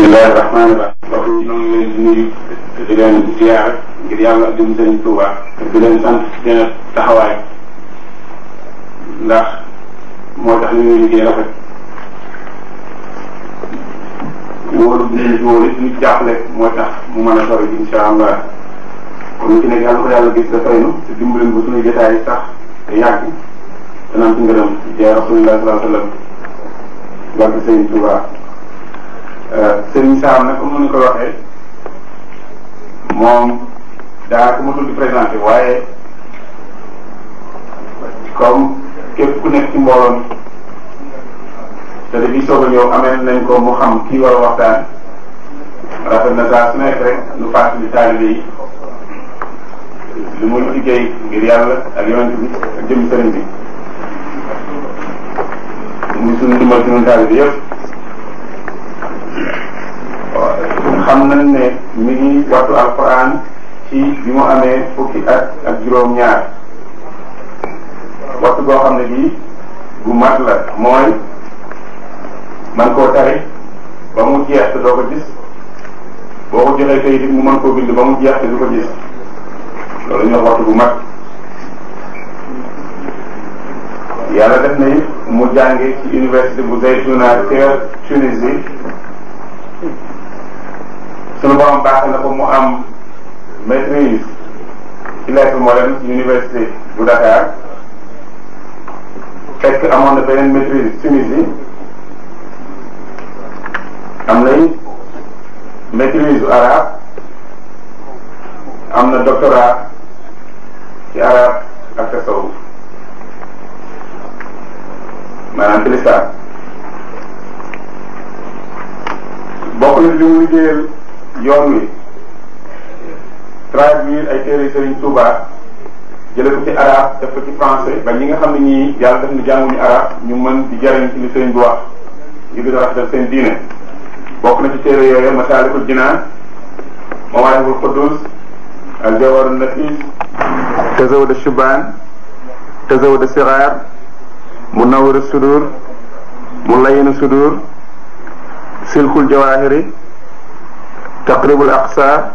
bismillahi rahmaani rahim mbokk yi ngi leen di nuyu di leen ziyaar ngir yàlla dim sëriñ Tuubaa di leen sant seen taxawaay ndax moo tax li ñuy liggéey rafet wóolu bi ñu jàppale moo tax mu mën a sori insha allah kon ñu ci nekk yàlla ko yàlla gis dafay nu te dimbaleen bu suñu jotaay sax te yàgg danaam ci ngërëm yaa rasulillah sallallahu alayhi wa sallam barke Serigne Sam nag comme ni ko waxee moom daanaka mu tudd présenté waaye comme képp ku nekk ci mbooloon te depuis soog a ñëw amee nañ ko mu xam kii war a waxtaan rafet na saa su nekk rek nu fàttali taalibe yi li muy liggéey ngir yàlla ak yonent bi ak jëm sëriñ bi muy suñu ndimbal ci ñun yëpp xam nañ ne mi ngi wattu alquran ci bi mu amee fukki at ak juróom-ñaar wattu boo xam ne bii gu mat la mooy man koo tari ba mu jeex te doo ko gis boo ko joxee kayit it mu mën koo bind ba mu jeex te du ko gis loolu ñu waxtu bu mag yàlla def na it mu jànge ci université bu Zaytouna ca Tunisie suñu borom baax na ko mu am maîtrise ci lettres modernes ci université bu Dakar fekk amoon na beneen maîtrise Tunisie am nay maîtrise u arabe am na doctorat ci arabe ak tasawuf maanaam ci lislaam bokk na li mu liggéeyal yoon wi traduire ay téere Serigne Touba jële ko ci arab def ko ci français ba ñi nga xam ne ñii yàlla def na jànguñu arab ñu mën di jariñ ci li bi wax ngir gën a rafetal seen diine bokk na ci téere yooyu Masaalikul Jinaan Mawaahibul Quddus al Jawharun Nafis Tazawwud Shubaan Tazawwud Siraar Munawwirus Sudur Mulayyinus Sudur Silkul Jawaahiri taqribul aqsa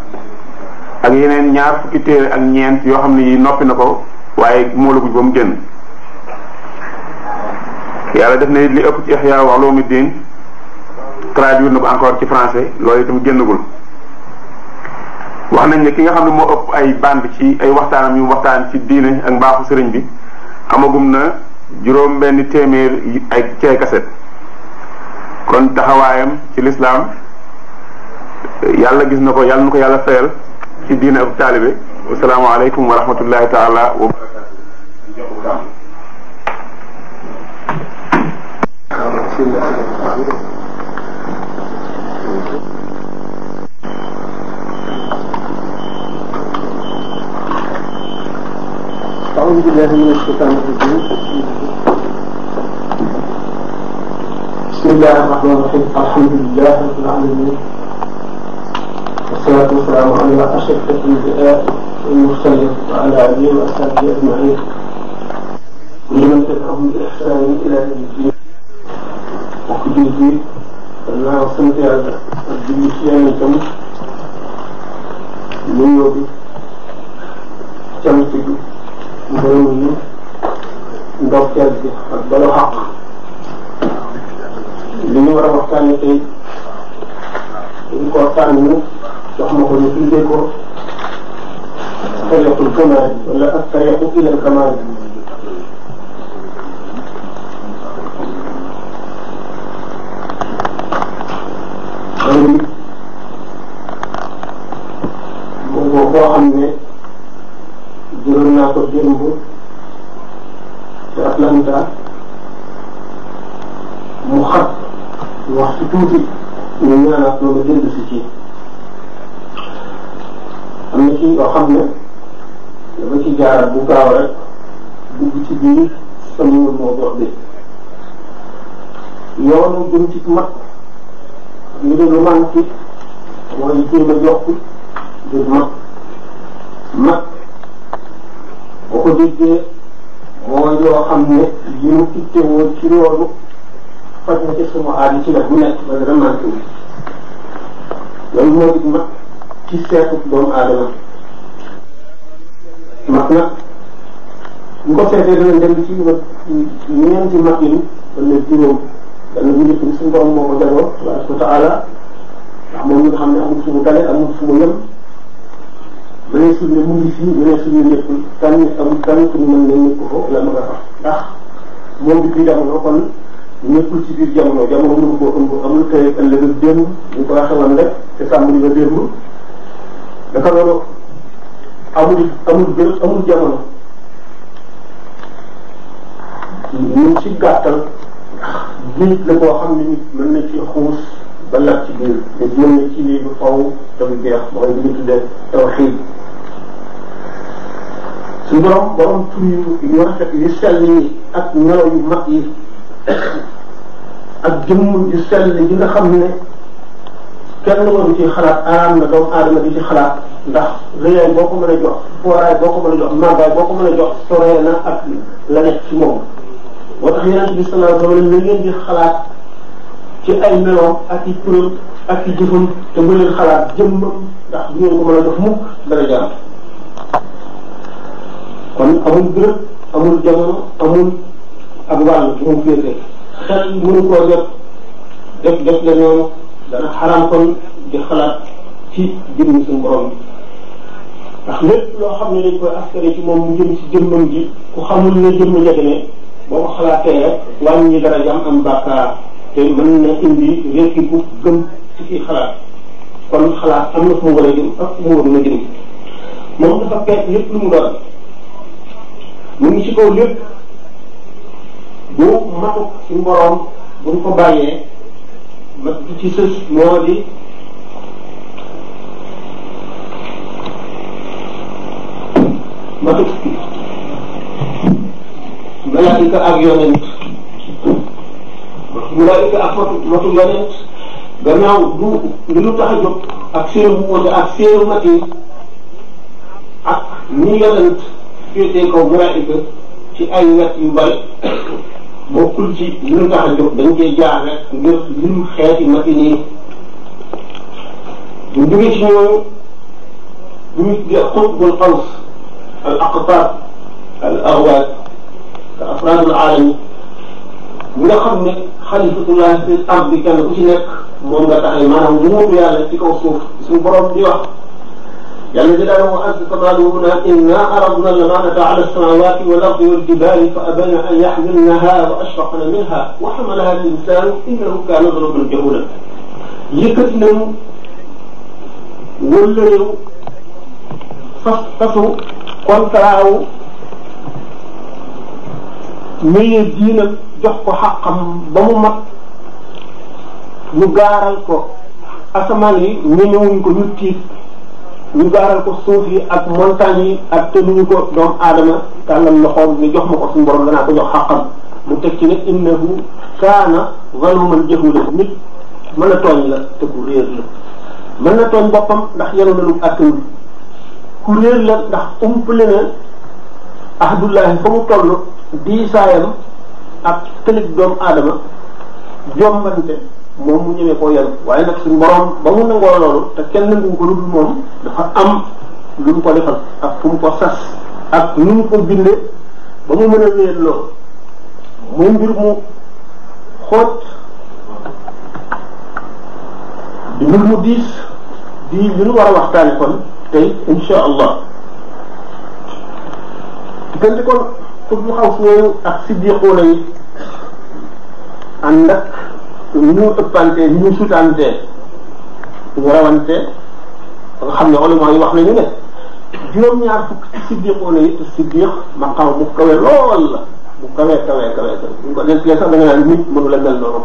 ak yeneen ñaar fukki téere ak ñeent yoo xam ne yi noppi na ko waaye moolaguñ ba mu génn yàlla def na li ëpp ci ihya wa ulumuddin traduire na ko encore ci français loolu itam génnagul wax nañ ne ki nga xam ne moo ëpp ay band ci ay waxtaanam yu waxtaan ci diine ak mbaaxu sëriñ bi amagum na juróom benn téeméer ay cay kaset kon taxawaayam ci lislaam yàlla gis na ko yàlla na ko yàlla fayal ci diine ak taalibe asalaamaaleykum wa rahmatullahi taala wa barakaatu أعوذ بالله من الشيطان الرجيم بسم الله الرحمن الرحيم الحمد لله رب العالمين والصلاة والسلام على أشرف الأنبياء والمرسلين وعلى آله وأصحابه أجمعين ومن تبعهم بإحسان إلى يوم الدين وكتبه danaa sant yàlla ak julli ci yonentam nuyoo bi cant bi mbërëm yi ndokkeel bi ak balu xaq li ñu war a waxtaane tey dañ koo tànn ko ñu tuddee ko tariqul kamaal wala ak tariqu ilal kamaal mooy boo koo xam ne jëloon naa ko démb ci Atlanta mu xat wax ci tuuti ñu ñaanaat loolu jënd si ci ci yoo xam ne dama ci jaar bu gaaw rek dugg ci biir sama moo dox bi yoonu jëm mag li dee lu manqué mooy jéem a yokk jëm mag mag boo ko déggee mooy yoo xam ne yi mu itte ci loolu faj na ci sama aada ci nag mu nekk ba dara manqué wu loolu moo di mag ci seetu doomu aadama mat na bu ko seetee dana dem ci wat ñeenti mat yi wala juróom dana bu njëkk bi suñu borom moo ko jagoo tabaraka wa ndax moom ñi xam ne amul fu mu dale amul fu mu yem ma ne suñu mu ngi fii ma ne nekkul tànn ku ñu mën ne nekk ko wala ma nga fa ndax moom bi biir jamono kon nekkul ci biir jamono jamono mënu ko ëmb amul tey ëllëg démb ñu ko waxee woon rek te sàmm ñu nga démb dafa loolu amul amul jël amul jamono ñun ci gàttal géej la boo xam ne nit mën na ci xuus ba lab ci biir nit mën na ci lii bu faw te bu jeex mooy li ñu tuddee tawxiid su borom borom tur yu yu rafet yu sell yi ak melo yu mag yi ak jëmm yu sell yi nga xam ne kenn waru ci xalaat aram na doomu aadama di ci xalaat ndax rëyaay boo ko mën a jox fooraay boo ko mën a jox màggaay boo ko mën a jox soree ak la nekk ci moom moo tax yonent bi sallallahu alayhi wa sallam na ngeen di xalaat ci ay meloom ak i turam ak i jëfam te bu leen xalaat jëmm ndax bu ko mën a def mukk dara jaram kon amul bërëb amul jamono amul ak wàll bu mu féete xel mënu koo jot def def la noonu dana xaraam kon di xalaat ci jëmm suñu ndax lépp loo xam ne dañ koy askare ci moom mu jëm ci jëmmam ji ku xamul ne jëmm ne boo ko xalaatee wàññi dara jam am bàkkaar te mën na indi rékki bu gëm ci kii xalaat kon xalaat am na fu mu a jëm ak fu mu war na jëm moom dafa peet lépp lu mu doon mu ngi ci kaw lépp bu matuk ci mboroom buñ ko bàyyee mat ci sës moo di ma explique malaayika ak yonent malaayika ak matu matu yonent du li lu tax a jóg ak seenu woote ak seenu mati ak ñi yonent féetee kaw malaayika ci ay wet yu bari bokkul ci li lu tax a jóg dañ cee jaar rek ngir lim xeeti mati nii bu jógee ci ñooñu ñu xutbul xaws al aqtaab al arwaat te afraadul aalami ñi nga xam ne xalifatullah fil ardi kenn ku ci nekk moom nga taxay maanaam nguuru yàlla ci kaw suuf suñu borom di wax yàlla di daal wa azza qadaruhuna inna aradna al-amanata ala as-samawati wal ardi wal jibali fa abayna an yaxmilnaha wa ashfaqna minha wa xamalaha al-insanu innahu kana zaluman jahula yëkkati nañu wëllëreew fas fasu contrat wu maye jox ko xaqam ba mu mat ñu gaaral ko asamaan yi ñemewuñ ko ñu tiit ñu gaaral ko suuf yi ak montagne yi ak tënuñu ko doomu aadama tàllal loxoom ni jox ma ko suñu borom danaa ko jox xaqam mu teg ci ne innahu kaana zaluman jahula nit mën a tooñ la te ku réer la mën tooñ boppam ndax yenu na lu àttewul ku réer la ndax umpale na ahdullahi fa mu toll diisaayam ak tëlib doomu aadama jombante moom mu ñëwee koo yenu waaye nag suñu borom ba mu nangoo loolu te kenn nangu ko lu moom dafa am lu mu ko defal ak fu mu ko sas ak nu mu ko bindee ba mu mën a wéer loolu muy mbir mu xóot di mbir mu diis di li ñu war a waxtaane kon tey insha allah diggante kon pour ñu xaw si yooyu ak siddiquuna yi ànd ak ñu ñu ëppante ñu ñu sutante ñu rawante ba nga xam ne ulama yi wax nañu ne juróom-ñaar fukk siddiquuna yi te siddiq maqaam bu kawe lool la bu kawe kawe kawe bu ñu ko dencee sax da nga naan nit mënu la mel noonu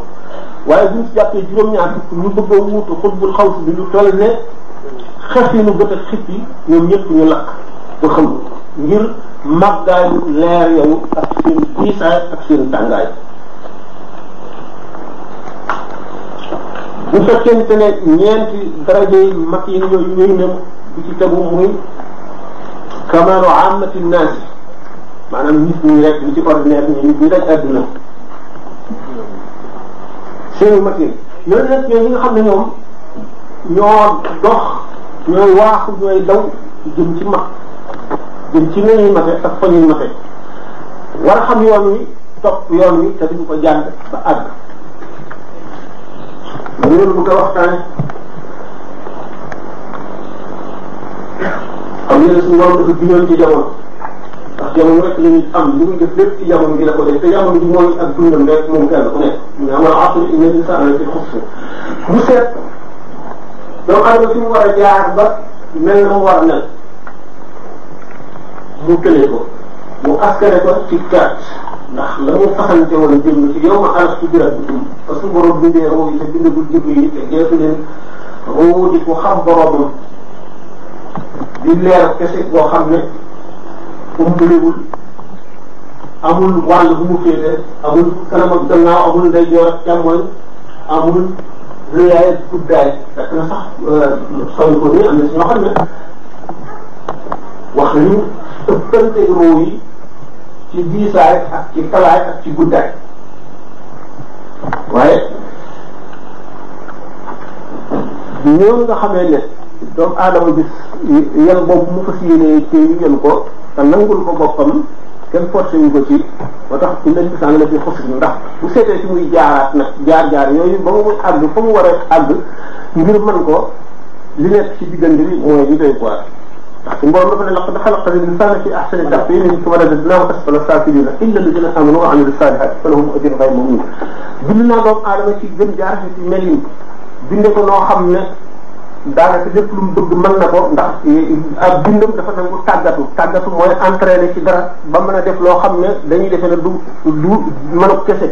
waaye bu ñu si jàppee juróom-ñaar fukk ñu bëgg a wuutu xutbul xaw si bi lu toll ne xas yi nu bët ak xib yi ñoom ñu lakk ba xam ngir màggaayu leer yooyu ak seen diisaay ak seen tàngaay bu fekkente ne ñeenti daraje yi mag yi yooyu yooyu ne bi ci tegu muy kamaalu amati naas maanaam nit ñi rek ñi ci ordinaire ñi nit ñi daj àdduna seeni xam ne ñoom ñoo dox ñooy waaxu ñooy daw jëm ci mag jëm ci nañuy mate ak fa ñuy mate war xam yoon wi topp yoon wi te duñ ko jàng ba àgg ma ngeen bëgg a waxtaane xam ngeen suñu borom dafa dundoon ci jamono ndax jamono rek la ñuy am li muy def lépp ci jamono bi la ko def te jamono bi ñu amal asr inna insana la fi xusr doomu aadama fi mu war a jaar ba mel na war a mel mu tëlee ko mu askane ko ci gàtt ndax la mu faxante woon jëmm ci yow ma alas ci birat bi dum parce que borom bindee roo yi te bindagul jëmm yi te deesu leen roo di ko xam boromam di leer kese boo xam ne umbulewul amul wàll bu mu féete amul kanam ak gannaaw amul ndeyjoor ak càmmoñ amul lu yaay guddaay fekk na sax euh, soñ am na si ñoo xam ne wax nañu ëppante roo yi ci diisaay ak ci talaay ak ci guddaay waaye ñoo nga xamee ne doomu aadama bi yan boobu mu fas yéenee téye yan ko te nangul ko boppam kenn forcé wu ko ci ba tax ci lañ sang la fi xosir ndax bu seetee ci muy jaaraat nag jaar-jaar yooyu ba mu muy àgg fa mu war a àgg ngir mën ko li nekk ci diggante bi mooy li doy quoi ndax ci mboolem dafa ne laqad xalaqna l-insaana fii ahsani taqwiim thumma radadnaahu asfala saafiliin illa llaziina aamanu wa amilu saalihaati falahum ajrun ghayru mamnuun bind naa doomu aadama ci gën jaar ci melin binde ko noo xam ne daanaka lépp lu mu bëgg man na ko ndax ak dundam dafa nangu tàggatu tàggatu mooy entraîné ci dara ba mën a def loo xam ne dañuy defe du du mën a kese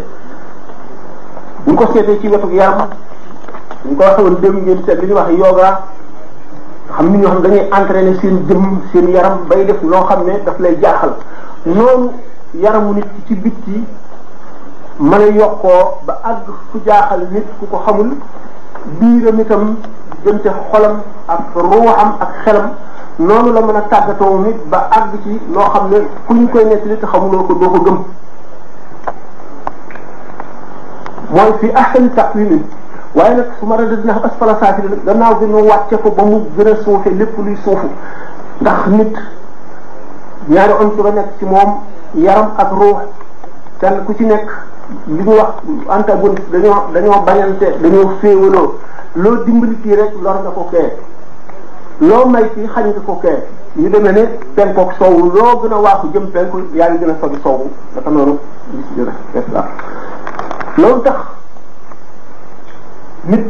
bu ko seetee ci wetu yaram bu ko waxee woon démb ngeen seet li ñuy wax yoga xam ni ñoo xam dañuy entraîné seen jëm seen yaram bay def loo xam ne daf lay jaaxal noonu yaramu nit ci bitti mën a yokkoo ba àgg fu jaaxal nit ku ko xamul biiram itam diggante xolam ak ruuxam ak xelam noonu la mën a tàggatoo ba àgg ci loo xam ne ku ñu koy nettali te xamuloo ko doo ko gëm mooy fi ahsani taqwimin waaye nag su ma radad na asfala saafili nag gannaaw bi nu wàcce ko ba mu gën a suufe lépp luy suufu ndax nit ñaari ontu ba nekk ci moom yaram ak ruux kenn ku ci nekk li ñu wax antagoniste dañoo dañoo bañante dañoo féewaloo loo dimbali kii rek lor nga ko kee loo may kii xañ ko kee ñu demee ne penkook soowu loo gën a waaxu jëm penku yaa ngi gën a sori soowu noonu li loolu tax nit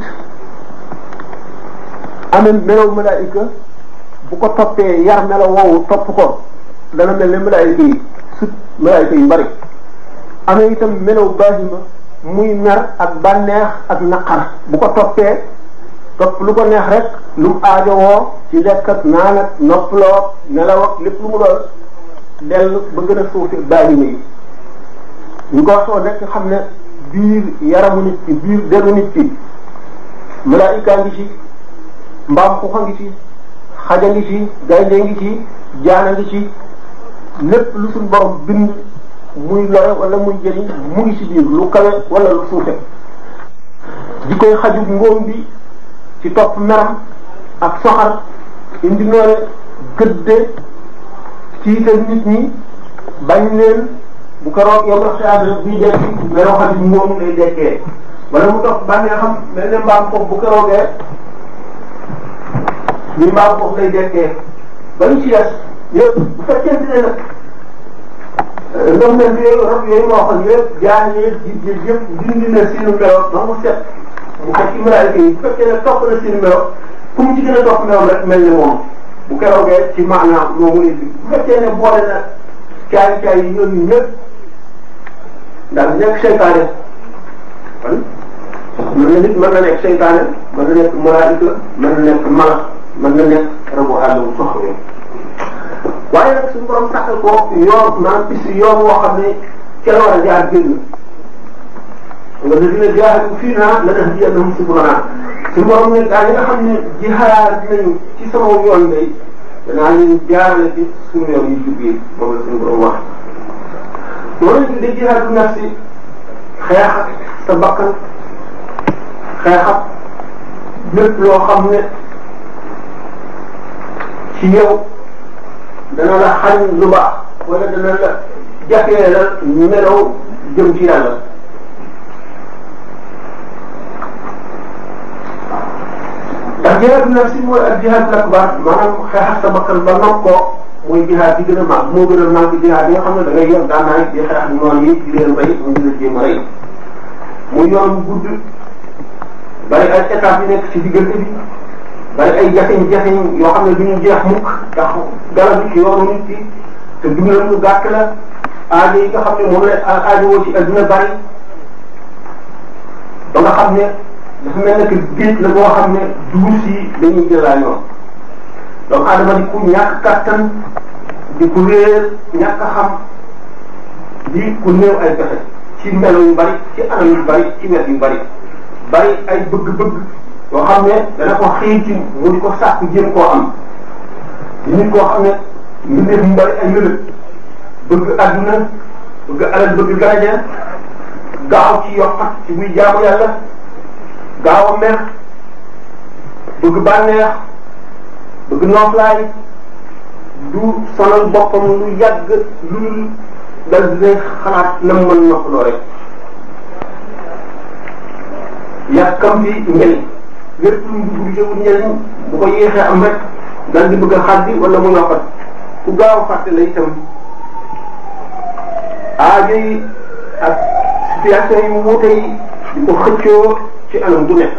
amee melow malaayika bu ko toppee yar melow woowu topp ko dana mel ne malaayika yi sut malaayika yu bari amee itam melow baahima muy mer ak bànneex ak naqar bu ko toppee topp lu ko neex rek lu mu aajowoo ci lekk ak naan ak nelaw lépp lu mu doon dellu ba gën a suufi bàyyima yi ñu ko soo nekk xam ne biir yaramu nit ki biir deru nit ki malaayika ngi ci mbaam xuxa ngi ci xaja ngi ci gaynde ngi ci jaana ngi ci lépp lu suñ borom bind muy lore wala muy jëriñ mu ngi ci biir lu kawe wala lu suufe di koy xajub ngóom bi ci topp meram ak soxar indi noore gëdde ciital nit ñi bañ leen bu roog yow ndax si bii jël bi meloo xajub ngóom lay dekkee wala mu topp bànnee xam mel ne mbaam foofu bu ko roogee ni mbaam foofu lay dekkee bañ ci yes yëpp bu fekkente ne nag ndonte bi yooyu rab yooyu ma waxoon yëpp jaan yeeg jigéen yëpp dindi na seenu melo ba mu set bu fekk ci malaayika yi bu fekkee ne topp na seenu melo ku mu ci gën a topp meloom rek mel ni moom bu keroogee ci maanaam moomu indi bu fekkee ne boole na caay caay yi ñoom ñëpp daal nekk seytaane kon mën na nit mën na nekk seytaane mën na nekk malaayika mën na nekk mala mën na nekk rabu àll bu soxla waaye nag suñu borom tàkkal ko yoon naan piste yoon woo xam ne ca la war a jaar génn nga ne dina jaahadu fii naa la def jiyan nam subulana suñu borom ne gaa yi nga xam ne jihaad nañu ci sama yoon day danaa leen jaarale ci suñu yoon yi jubbi moom la suñu borom wax loolu ñu tuddee jihaadu nafsi xeex sa bakkan xeex lépp loo xam ne ci yow dana la xañ lu baax wala dana la jafee la melaw jëm ci yàlla ndax jihaadu nafsi mooy ak jihaadu akbar maanaam xeexal sa bakkan ba noog ko mooy jihaad bi gën a mag moo gën a mag jihaad yi nga xam ne da ngay yor daan naa di xeex ak noon yi di leen bay mu ngi la jéem a rey mu yoon gudd bari ay étapes yi nekk ci diggante bi bari ay jafe-jafe yoo xam ne du ñu jeex mukk ndax garab yi ci yoonu nit te dundam lu gàtt la yi nga xam ne moom la aajowoo ci adduna bari ba xam ne dafa mel ne que géej xam ne duus yi dañuy jëlaat ñoom donc adama di ku ñàkk kattan di ku réer di ku ay pexe ci melo yu bari ci anam yu bari ci wet yu bari bari ay bëgg-bëgg. yoo xam ne dana ko xëy mu di ko sàkk jéem koo am di nit koo xam ne ñu ne mu bari ay mébét bëgg àdduna bëgg alal bëgg garaja gaaw ci yokkat ci muy jaamu yàlla gaaw a bëgg bànneex bëgg noflaay du sonal boppam lu yàgg lu dul dal dina xalaat na mën noppaloo rek yàkkam bi njëriñ lépp luy dugg di jëmul njëriñ bu ko yéexee am rek dal di bëgg a xàddi wala mu ñoqat ku gaaw fàtte la itam aajo yi ak situation yu wuute yi di ko xëccoo ci anam bu nekk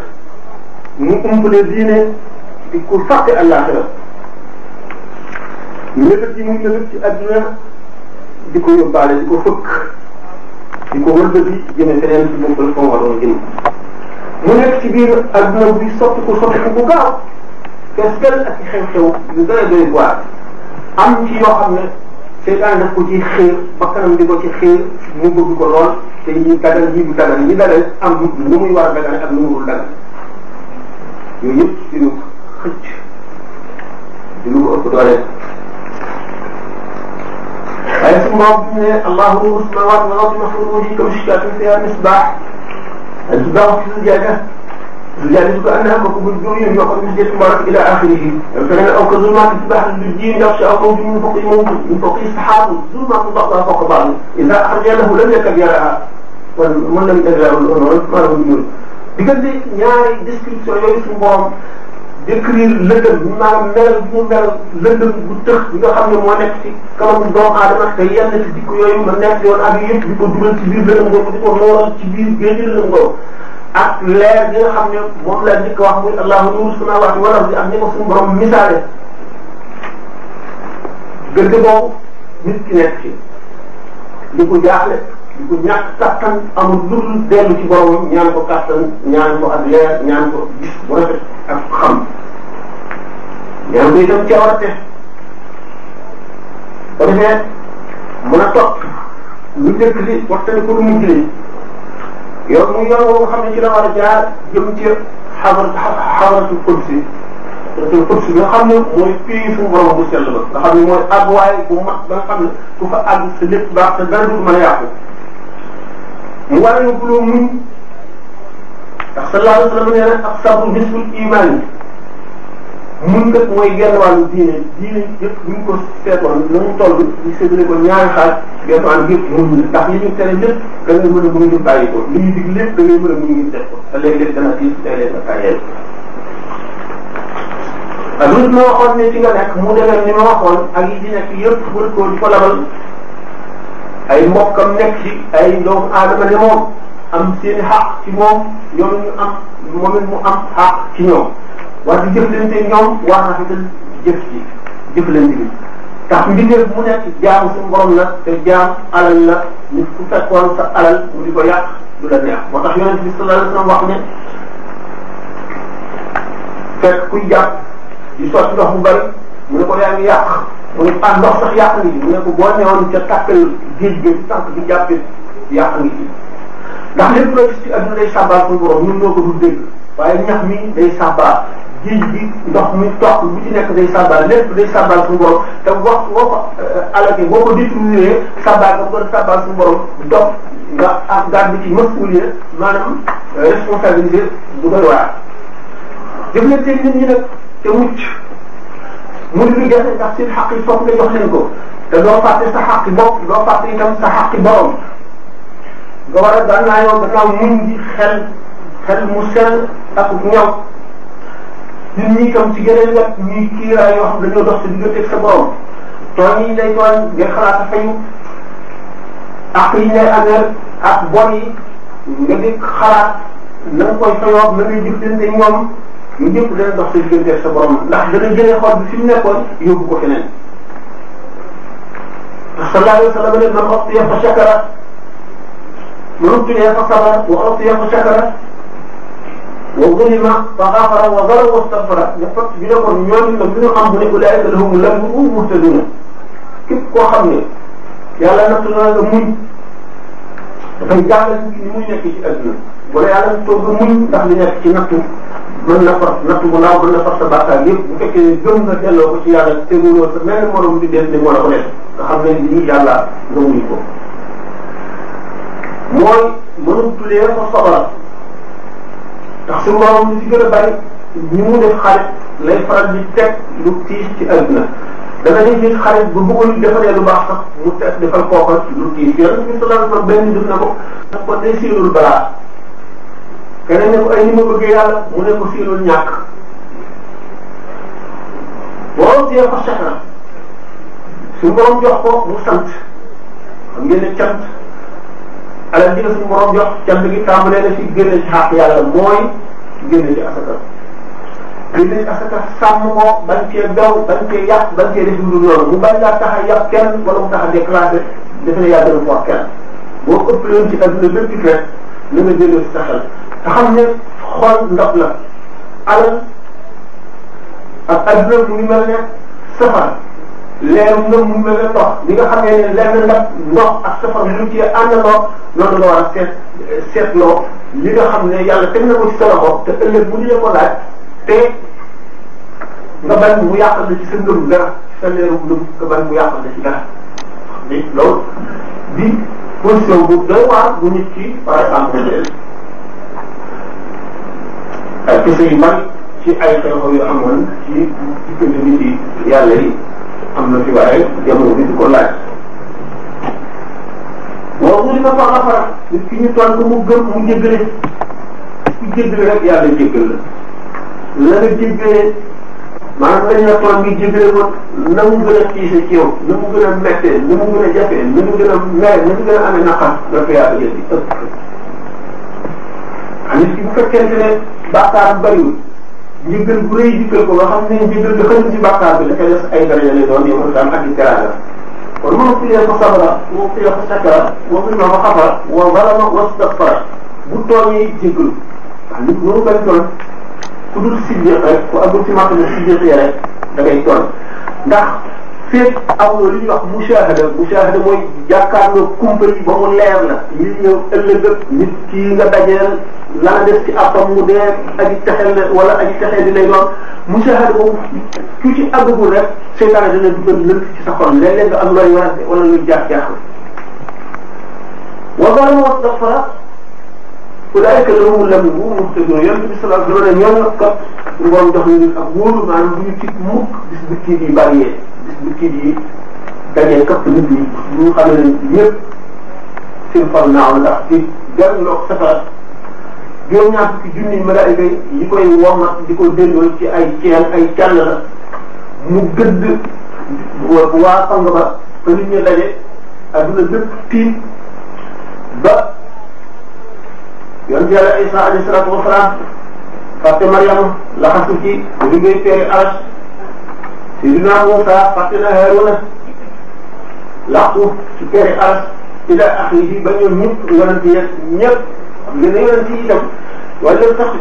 mu umpale diine di ko fàtte àllaaxira mébét yi muy mébét ci adduna di ko yóbbaale di ko fëkk di ko wëlbati jëme feneen ci boppal fa mu waroon jëm mu nekk ci biir adduna bi sottiku sottiku bu gaaw fees dell ak xew-xew yu gën a doy waar am ci yoo xam ne seytaan daf ko ci xéer ba kanam di ko ci xéer mu bëgg ko lool te ñi dagal ñi du dagal ñi dagal am lu lu muy war a dagale ak lu mu dul dagal yooyu yëpp dinu xëcc dinu ko ëpp doole waaye su moom ne allahu nuru samawati wal ardi mafruuji kamishkaatin fiha misbah du baaxul ci suñu jaay suñu jaay su ko ànd ak kooku bu ñu yoo xam ne jël mbarak ila axirihi feneen aw ko zulmaat ci baax lu ji ndax si aw ko ñu bokk ci moom ñu bokk ci saxaabu zulmaat mu baax fokk baax ila axriya lahu lam yakad yaraha kon mën nañu dëgg laa wala wala maanaam ñun diggante ñaari description yooyu suñu borom décrire lëndëm maanaam melal bi ñu melal lëndëm bu tëx bi nga xam ne moo nekk ci kanamu doomu aadama te yenn ci dikk yooyu ma nekk yoon ak yëpp di ko dugal ci biir lëndëm boobu di ko nooral ci biir géej lëndëm ak leer bi nga xam ne moom la njëkk wax muy allahu nuuru samaawaati wal ardi ak ni ko suñu borom misaale gëdd boobu nit nekk ci li ko jaaxle li ko ñàkk kattan amul lu dul dellu ci borom ñaan ko kattan ñaan ko ak leer ñaan ko gis bu rafet ak xam ñoom bi itam cawarte ba defee mën a topp lu njëkk li waxtaanee ko lu mujj li yow muy yoon woo xam ne ci la war a jaar jëm ci xabar xabaratu qudsi te qudsi nga xam ne mooy fii suñu borom bu sell ba nga xam ne mooy àgguwaay bu mat ba nga xam ne ku fa àgg sa lépp baax te dara du mën a yàqu mu waree nga ku loo muñ ndax sallallahu alayhi wa sallam nee na ak imaan mun nag mooy genn wàllu diine diine yëpp bu ñu ko seetoon na mu toll ñu séddale ko ñaari xaaj genn wàll mun ñu ndax ñu tere lépp da ngay mën a mu ngi bàyyi ko a mu ngi def ko te léeg-léeg dana tiis léeg-léeg nga tàyyeel ak ma waxoon ne ci nga mu demee ni ma waxoon ak yi ci nekk yëpp wër ko ay mbokkam nekk ci ay doomu aadama ne am seen xaq ci moom ñoom ñu am moom it mu am xaq ci ñoom war di jëflante ñoom war rafetal jëf ci jëflante bi tax mbindeef mu nekk jaamu suñu borom la te jaam alal la nit ku fekkoon sa alal mu di ko yàq du la neex moo tax yonent bi sallallahu alayhi wasallam wax ne fekk kuy jàpp di sotti ndox mu bari mu ne ko yaa ngi yàq mu ne ah ndox sax yàq ngi ci mu ne ko boo newoon ca tàkkal géej gi sànq bi jàppee yàq ngi ci ndax lépp loo gis ci adduna day sabbaal suñu dégg waaye ñax mi day sabbaal géej ndox mi toq bu ci nekk day sabbaal lépp day sabbaal suñu borom te wax boo ko euh, alati boo ko détruire sabbaal nga ko sabbaal suñu borom dox nga ak gàddu ci masuuliya maanaam euh, responsabilité bu doy waar. jëflante nit ñi nag te mucc mënu lu jafe ndax seen xaq yi foog nga jox leen ko te doo fàtte sa xaqi bopp doo fàtte itam sa xaqi borom. nga a daan naa a da muñ di xel xel mu sell ak ñaw ñun ñii tam ci yeneen wet ñuy kiiraay yoo xam dañoo dox sa digganteeg sa borom tooñ yi lay tooñ ngay xalaat a fayu ak yi lay ameel ak bon yi nga di xalaat na nga koy fayoo na ngay jëflante ñoom ñu ñëpp dana dox sa digganteeg sa borom ndax dana jëlee bi fi mu nekkoon yóbbu ko feneen sallallahu alayhi wa sallam ne man xot yëpp shakara وربي فصبر وأعطي فشكر وظلم فغفر وبر واستغفر ñëpp bi ne kon ñoom la ñu xam bu ne ulaa'ika lahumul amnu muhtadun képp koo xam ne yàlla natt na nga muñ dafay jàngal ni muy nekk ci adduna wala yàlla toog nga muñ ndax li nekk ci nattu mën na far nattu bu naaw mën na far sa bàkkaar yëpp bu fekkee gëm nga delloo ko ci yàlla teguloo sa mel morom di def ne moo la ko def nga xam ne lii yàlla nga muñ ko. mooy mënul tulee ko soxla ndax suñu borom li ci gën a bari ñi mu def xarit lay faral di teg lu tiis ci àdduna dana ni nit xarit bu bëggul defalee lu baax sax mu teg defal kooka lu tiis yàlla bi sallallahu alayhi wasallam benn def na ko daf ko day siirul balaa keneen ne ko ay ko siirul ñàkk boo tiyee ko sax sant xam ngeen ne cant al ji la suñu borom jox cant gi ci génne ci xaq yàlla mooy génne ci asaka génne ci asaka sàmm ko bañ cee daw bañ cee yàq bañ cee def lu dul loolu mu bañ laa a yàq kenn wala mu a déclassé defe naa yaa gën a fort kenn boo ëpp leen ci adduna bépp fees na nga génne ci sa xel te xam ne xool ndox la alal ak adduna leeru ngëm mu mel ne ndox li nga xam ne lenn nag ndox ak safar lu ci la noonu nga war a seet seetloo li nga xam ne yàlla teg na ko ci sa loxo te ëllëg bu ñu la ko laaj te nga mu yàqal la ci sa ngëm dara sa leeru ngëm nga mu yàqal la ci dara ni loolu di position bu doy waar bu nit ki par exemple jël ci ay xew-xew yu amoon ci diggante nit yi yàlla yi am na fi waaye jamono bi di ko laaj waaw mu di ko fa xafara nit ki ñu tontu mu gëm mu jéggale ku jéggale rek yàlla jéggal la la nga jéggalee maanaam dañ la toon ngi jéggale ko na mu gën a tiise ci yow na mu gën a mettee na mu gën a jafee na mu gën a mer na mu gën a amee naqar nga ko yàlla jël di ëpp nit ki bu fekkente ne bàkkaar bariwul njëkkal bu rëy njëkkal ko nga xam ne njëkkal bi xëy na ci bàkkaar bi dafay def ay daraja lay doon yow daal ak i teraanga kon moo filee ko sabara moo filee ko sakara moo filee ko xafara wa zalama wastakbara bu tooñee jéggalu waaw nit ñoo bañ tooñ ku dul siddiq rek ku agul ci màkk bi siddiq rek da ngay tooñ ndax fépp am na lu ñuy wax mushahada mushahada mooy jàkkaarloo kumpa yi ba mu leer la ñuy ñëw ëllëg nit kii nga dajeel lana def ci àppam mu dee aji texel la wala aji texel di lay doon mushahada boobu ku ci àggagul rek seytaane dina dugal lënt ci sa xol léeg-léeg nga am looy warante wala luy jaax jaaxal wa zalama wastagfara ulaayika lahum lamu muhtadun yonent bi sallallahu alayhi wa sallam ñoom kat ngoon jox ñu ak wóolu maanaam bu ñu ci mukk bis bu kii bi bàyyee nit yi dañuy topp nit ñi ñu xam ne yëpp seen xol naaw ndax ci benn loxo safara juróom-ñaar fukki junni malaayika yi koy womat di ko delloo ci ay ceen ay càll la mu gëdd waa sang ba ba nit ñi daje adduna lépp tiim ba yonent yàlla Isa alayhi salaatu wasalaam fàtte Mariama laxasu ci liggéey peeri aras Seydina Muusaa fàtte na Haaruna làqu ci pexe aras ila axiri ba ñoom ñëpp yonent yi ñëpp xam ngeen ne yonent yi itam wala sax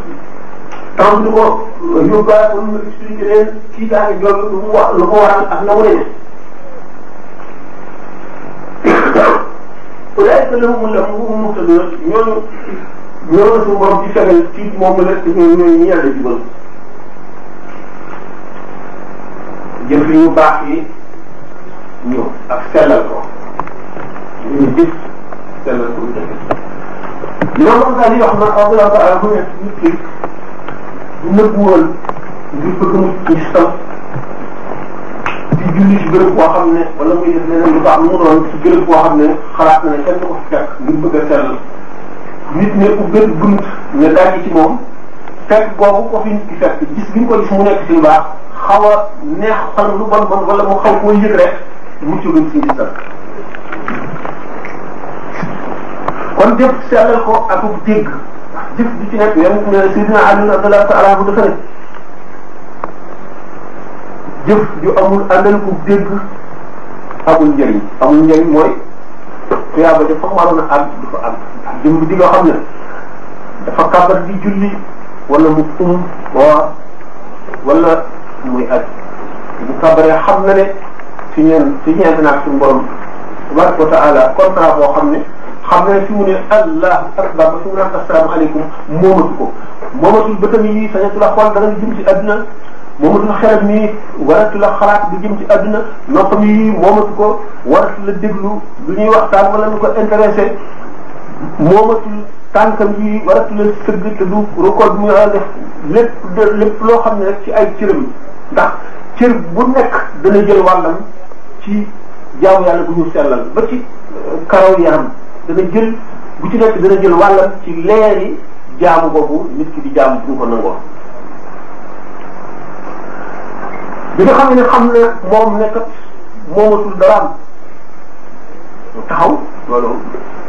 temps du ko yóbbaale pour nga expliqué leen kii daa ngi jollu lu mu wax lu ko waral ak na mu demee. ulaa'ika lahumul amnu muhtadoon ñooñu ñooñu suñu borom ci fegal ci moom la ñooy ñi yàlla jubal jëf yu baax yi ñu ak sellal ko ñu gis sellal ko li ma ko daal di wax man xaw ma daal ko alal mu nekk nit ki bu nëbbu woon ngir bëgg mu gis tam di julli ci béréb boo xam ne wala muy def leneen lu baax mu doon ci béréb boo xam ne xalaat na ne kenn du ko fi fekk ngir bëgg a sellal nit ne ubbeeg bunt ne daal ci moom fekk boobu ko fi nit ki fekk gis gi nga ko gis mu nekk ci lu baax. xawa a neex lu bon bon wala mu xaw koo yëg rek mucc luñ si gisal kon jëf sellal ko ak ub jëf bi ci nekk yéen Sidina Ali Abdallah taala bu dafa ne jëf ju amul àndal ku dégg amul njëriñ amul njëriñ mooy tuyaaba dafa waroon a àgg du fa àgg jëm di loo xam ne dafa kàbbat di julli wala mu um waa wala kabare xam na ne fi ñeen fi ñeent naag suñu borom tabaraka wa taala contrat boo xam ne xam na ne fi mu ne allahu akbar ba fi mu naan asalaamaaleykum moomatu ko moomatul bëtam yi sañatu la xool da nga jëm ci adduna moomatul xelam mi waratu la xalaat di jëm ci adduna noppam yi moomatu ko waratu la déglu lu ñuy waxtaan wala lu ko intéressé moomatul tànkam yi waratu la sëgg te du record bi mu def lépp lépp loo xam ne rek ci ay cëram ndax cër bu nekk dana jël wàllam ci jaamu yàlla bu ñu sellal ba ci euh, karaw yaram dana jël bu ci nekk dana jël wàllam ci leeri jaamu boobu nit ki di jaamu bu ñu ko nangoo bi nga xam ne xam ne moom nekkat moomatul daraam taxaw loolu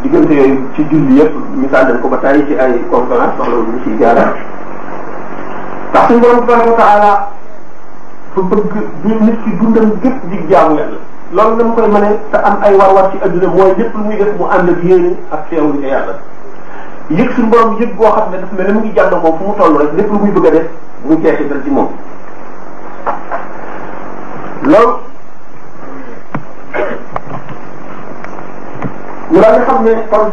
diggante yooyu ci julli yëpp misaal dañ ko ba tàyyi ci ay conférence soxla wuñu ci jaara ndax suñu borom subhanahu wa taala fa bëgg di nit ki dundam gépp di jaamu yàlla loolu dama koy mënee te am ay war-war ci adduna mooy lépp lu muy def mu ànd ak yéene ak teewlu ca yàlla yëg suñu borom yëg boo xam ne daf mel mu ngi jànd moom fu mu toll rek lépp lu muy bëgg a def muy jeexital ci moom loolu ñu daal xam ne kon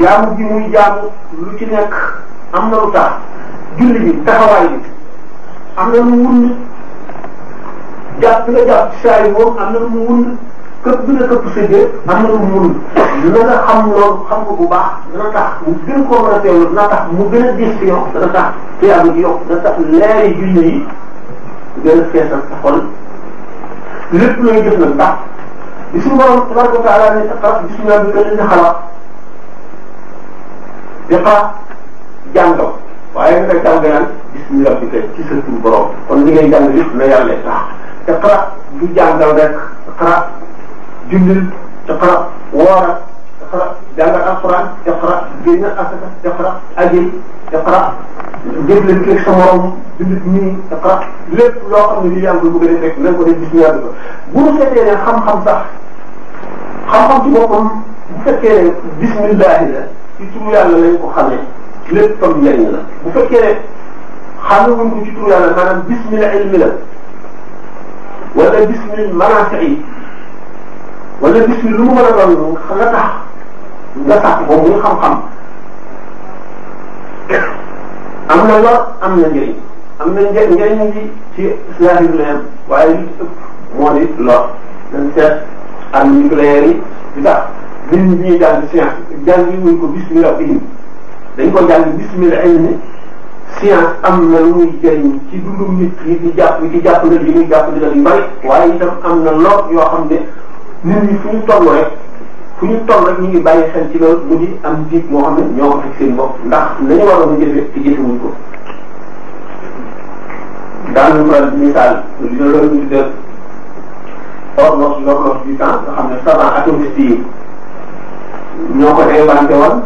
jaamu ji muy jaamu lu ci nekk am na lu tax julli bi taxawaay bi am na lu mu wund jàpp nga jàpp saa yi moom am na lu mu wund këpp bi nga këpp sëggee am na lu mu wund na nga xam loolu xam nga bu baax dana tax mu gën koo mën a teewlu dana tax mu gën a diis si yow dana tax tuyaaba ji yokk dana tax leeri julli yi gën a feesal sa xol lépp looy jëf nag ndax bi suñu borom tabaraka wa taala ne iqra bismillah bi gën a xalaat iqra jàngal waaye dafay jàng naan bismillah bi kay ci sa tur borom kon li ngay jàng lépp na yàlla tax te xara du jàngal rek xara jullil te xara woora te xara jàngal alxuraan te xara génn asaka te xara ajil te xara jëflanteeg sa morom jullit nii te xara lépp loo xam ne li yaa ngi koy bëgg a def rek na nga ko def bismillah bi ko bu ñu seetee ne xam-xam sax xam-xam ci boppam bu fekkee ne bismillah la ci turu yàlla lañ ko xamee lépp tam njëriñ la bu fekkee ne xame ko ci tur yàlla maanaam bismil ilmi la wala bismil manaafi wala bismil lu mu mën a doon nga xam-xam am na la am na njëriñ am na një njëriñ bi ci zahir leen waaye li ëpp moo di lor dañ seet am nucléaire yi di tax nit ñi ñuy dañ ko jàng bismillah ilmi science am na lu muy jëriñ ci dundum nit ki di jàpp di jàpp ndal yi muy jàpp ndal yu bari waaye itam am na lool yoo xam ne nit ñi fu ñu toll rek fu ñu toll rek ñu ngi bàyyi xel ci loolu mu di am diit moo xam ne ñoo ko teg seen bopp ndax nañu waroon a jëfe te jëfewuñ ko daanu faral di misaal li na loolu ñu def horloge l'horloge du temps nga xam ne savant atomiste yi ñoo ko inventé woon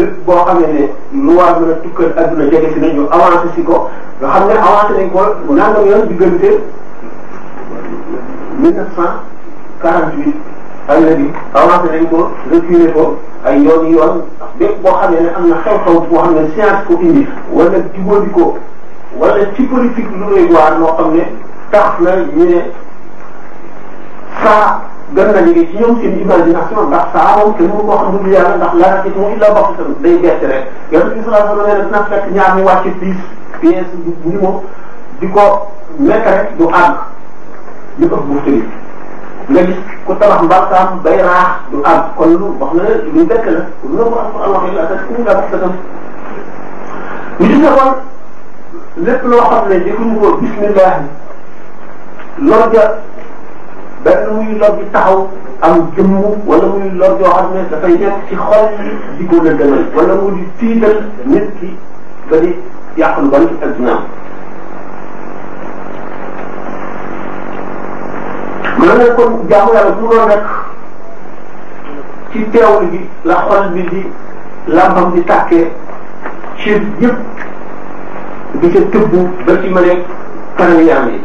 bépp boo xamee ne lu war mën a tukkal adduna jege si nañu avancé si ko nga xam ne avancé nañ ko nangam yoon diggante mille neuf cent quarante huit ay na bi avancé nañ ko reculé ko ay yoon yoon bépp boo xamee ne am na xew-xew boo xam ne science ko indi wala jubóobi ko wala ci politique lu réy waar moo xam ne tax na ñu saa gën na liggéey ci ñoom mu imagination ndax saa moom kenn mënu koo xam dul yàlla ndax illa baxtatan day gerte rek yonent bi sallallahu alayhi wa sallam dina fekk ñaar ñu wàcc piis pièce bu ni moom di ko nekk du àgg ñu ëpp buftali nga gis ku tabax mbaltaam bay raax du àgg kon lu wax na lu nekk la lu la ko alquran wax illa tasmu illa baxtatan ñu gis na kon lépp loo xam ne jëfandiku bismillah loolu ja benn muy lor bi taxaw am jëmm wala muy lor yoo xam ne dafay nekk ci xol yi di ko lëndëmal wala mu di tiital nit ki ba di yàq lu bari ci kon jaamu yàlla bu doon ci teewlu la xol bi di làmbam di tàkkee ci yëpp di ci mën a kanam yaam yi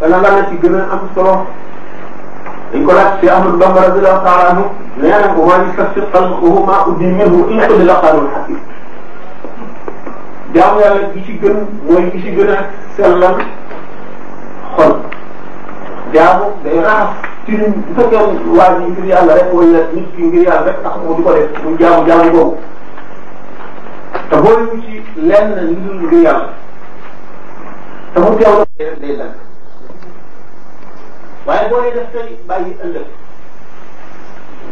te la la gën a am solo dañ ko laaj si Ahmadu Bamba radiyallahu taala anhu nee na ko waa ji sax si xalquhu maa uddi minhu in kulli laqaanul hakim jaamu yàlla ci gën mooy gi gën a sellal xol jaamu day raxas ci bu fekkee waa ji ngir yàlla rek wala nit ki ngir yàlla rek tax mu di ko def muy jaamu jaamu boobu te boole ñu ci lenn lu dul ngir yàlla te mu la day waaye boo dee def tey bàyyi ëllëg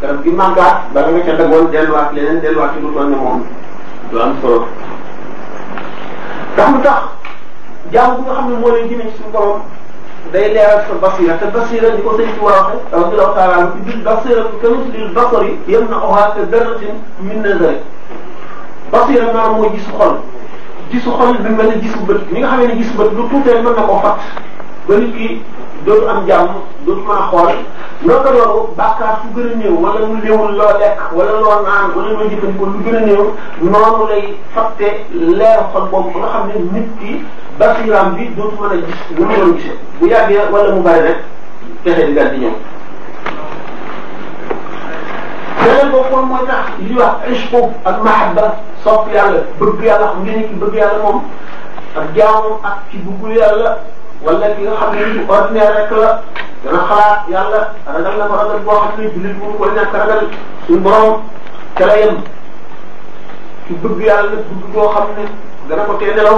garab gi màggaat ba nga ca dagoon delluwaat leneen delluwaat ci lu toll ne moom du am solo ndax lu tax jaamu bu nga xam ne moo leen jëmee suñu borom day leeral sa basira te basira di ko sëñ ci waa waxe radiyallahu taala anhu bi basira bi kamis lil basari yem na oxaa te a min nazari basira maanaam mooy gisu xol gisu xol bi mel ne gisu bët ni nga xam ne gisu bët lu tuutee mën na koo fat ba nit ki dootu am jàmm dootu mën a xool naka loolu bàkkaar fu gën a néew wala mu néewul loo lekk wala loo naan wala loo jëfandikoo lu gën a néew noonu lay fàtte leer xol boobu ba nga xam ne nit ki basiram bi dootu mën a gis lu mu doon gisee bu yàggee wala mu bari rek pexe di daal di ñëw. beneen boobu moom mooy tax li ñuy wax ishqu ak mahabba sopp yàlla bëgg yàlla xam ngeen ni ki bëgg yàlla moom ak jaamu ak ci bëggu yàlla. wala ki nga xam ne bu ordinaire rek la dana xalaat yàlla ragal na ko ragal boo xam ne jullit bu mu ko ñàkk ragal suñu borom ca la yem su bëgg yàlla bëgg boo xam ne dana ko tee nelaw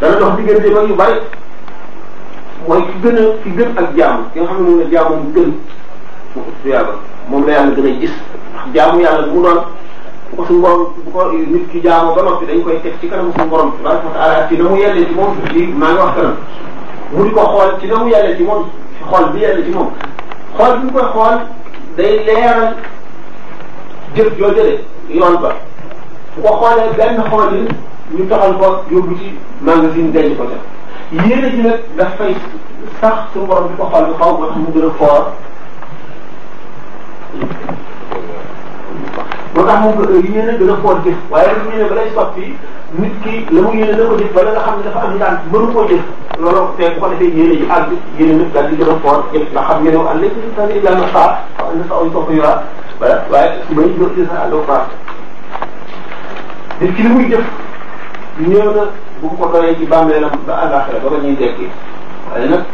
dana dox diggante ba yu bari mooy ki gën a ki gën ak jaamu ki nga xam ne moom la jaamu mu gën mu ko tuyaaba moom la yàlla gën a gis ndax jaamu yàlla bu mu doon bu ko suñu borom bu ko nit ki jaamoo ba noppi dañ koy teg ci kanamu suñu borom tabaraka wa taala ci na mu yelle ci moom ci maa ngi wax kanam mu di ko xool ci na mu yelle ci moom xool bi yelle ci moom xool bi ñu koy xool day leeral jëf joo jële yoon ba bu ko xoolee benn xool yi ñu taxal ko yóbbu ci magasin denc ko ca yéene ji nag dafay sax suñu borom di ko xool bi xaw ma xam mu gën a foor moo tax moom yéene gën a foor jëf waaye rek yéene balay soppi nit ki la mu yéene na ko jëf bala nga xam ne dafa am daan mënu koo jëf loolu te bu ko defee yéene yi àgg yéene nag daal di gën a foor jëf ndax xam ngeen ne an léegi tan illa na saa xaw na saa oñ topp yoraa voilà waaye may jëf ci sa àllo baax nit ki li muy jëf ñëw na bu ko doyee ci bàmmeelam ba àllaaxira ba ba ñuy dekki waaye nag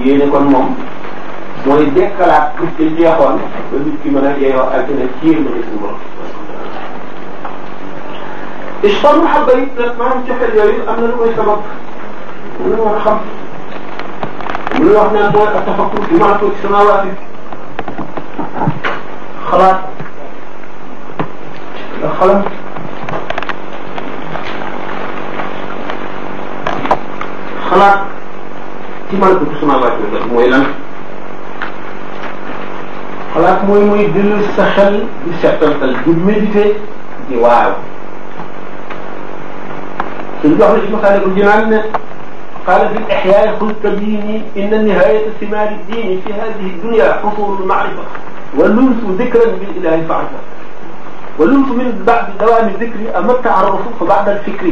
yéene kon moom mooy dekkalaat pour que jeexoon ba nit ki mën a yeeyoo ak dina ciir ma suñu borom. islam mahabba yi maanaam cofeel yooyu am na lu koy sabab lu ñu war a xam lu ñu wax naan mooy ak tafakkur bi maa tuuti sama waat yi xalaat nga xalaat. xalaat ci man tuuti sama waat yi mooy lan. xalaat mooy mooy dellu sa xel di settantal di méditer di waaru suñ wax na ci maxaaliku jinaan ne قال في الإحياء قلت بيني إن نهاية ثمار الدين في هذه الدنيا حصول المعرفة ولمس ذكرا بالإله فعلا ولمس من بعد دوام الذكر أما التعرف فبعد الفكر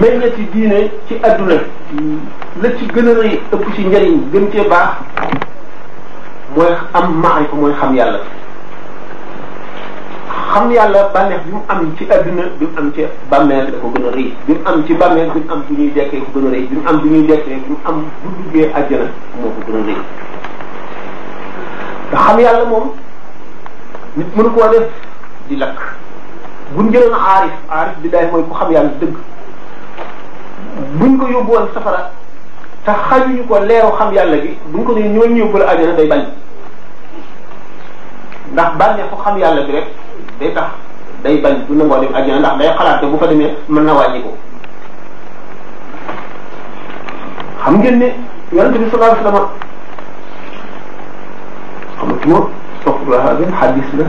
meññati diine ci adduna la ci gën a rëy ëpp ci njëriñ gën cee baax mooy am maarifa mooy xam yàlla xam yàlla bànneex bi mu am ci adduna bi mu am ci bàmmeel dafa bi mu am ci bàmmeel bi mu am bu ñuy dekkee ko gën a rëy bi mu am bu ñuy dekkee bi mu am bu duggee àjjana moo ko yàlla moom nit mënu koo def di lakk buñ jëloon aarif aarif di daay mooy ku xam yàlla dëgg buñ ko yóbbuwoon safara te xajuñu ko leeru xam yàlla gi buñ ko ne ñoo ñëw bala àjjana day bañ ndax ko xam yàlla bi rek day tax day bañ du nangoo dem àjjana ndax day xalaat bu fa demee mën na wàññi ko xam ngeen ne yonente bi sallallahu alayhi wasallam xamatuma soxla bi xadis la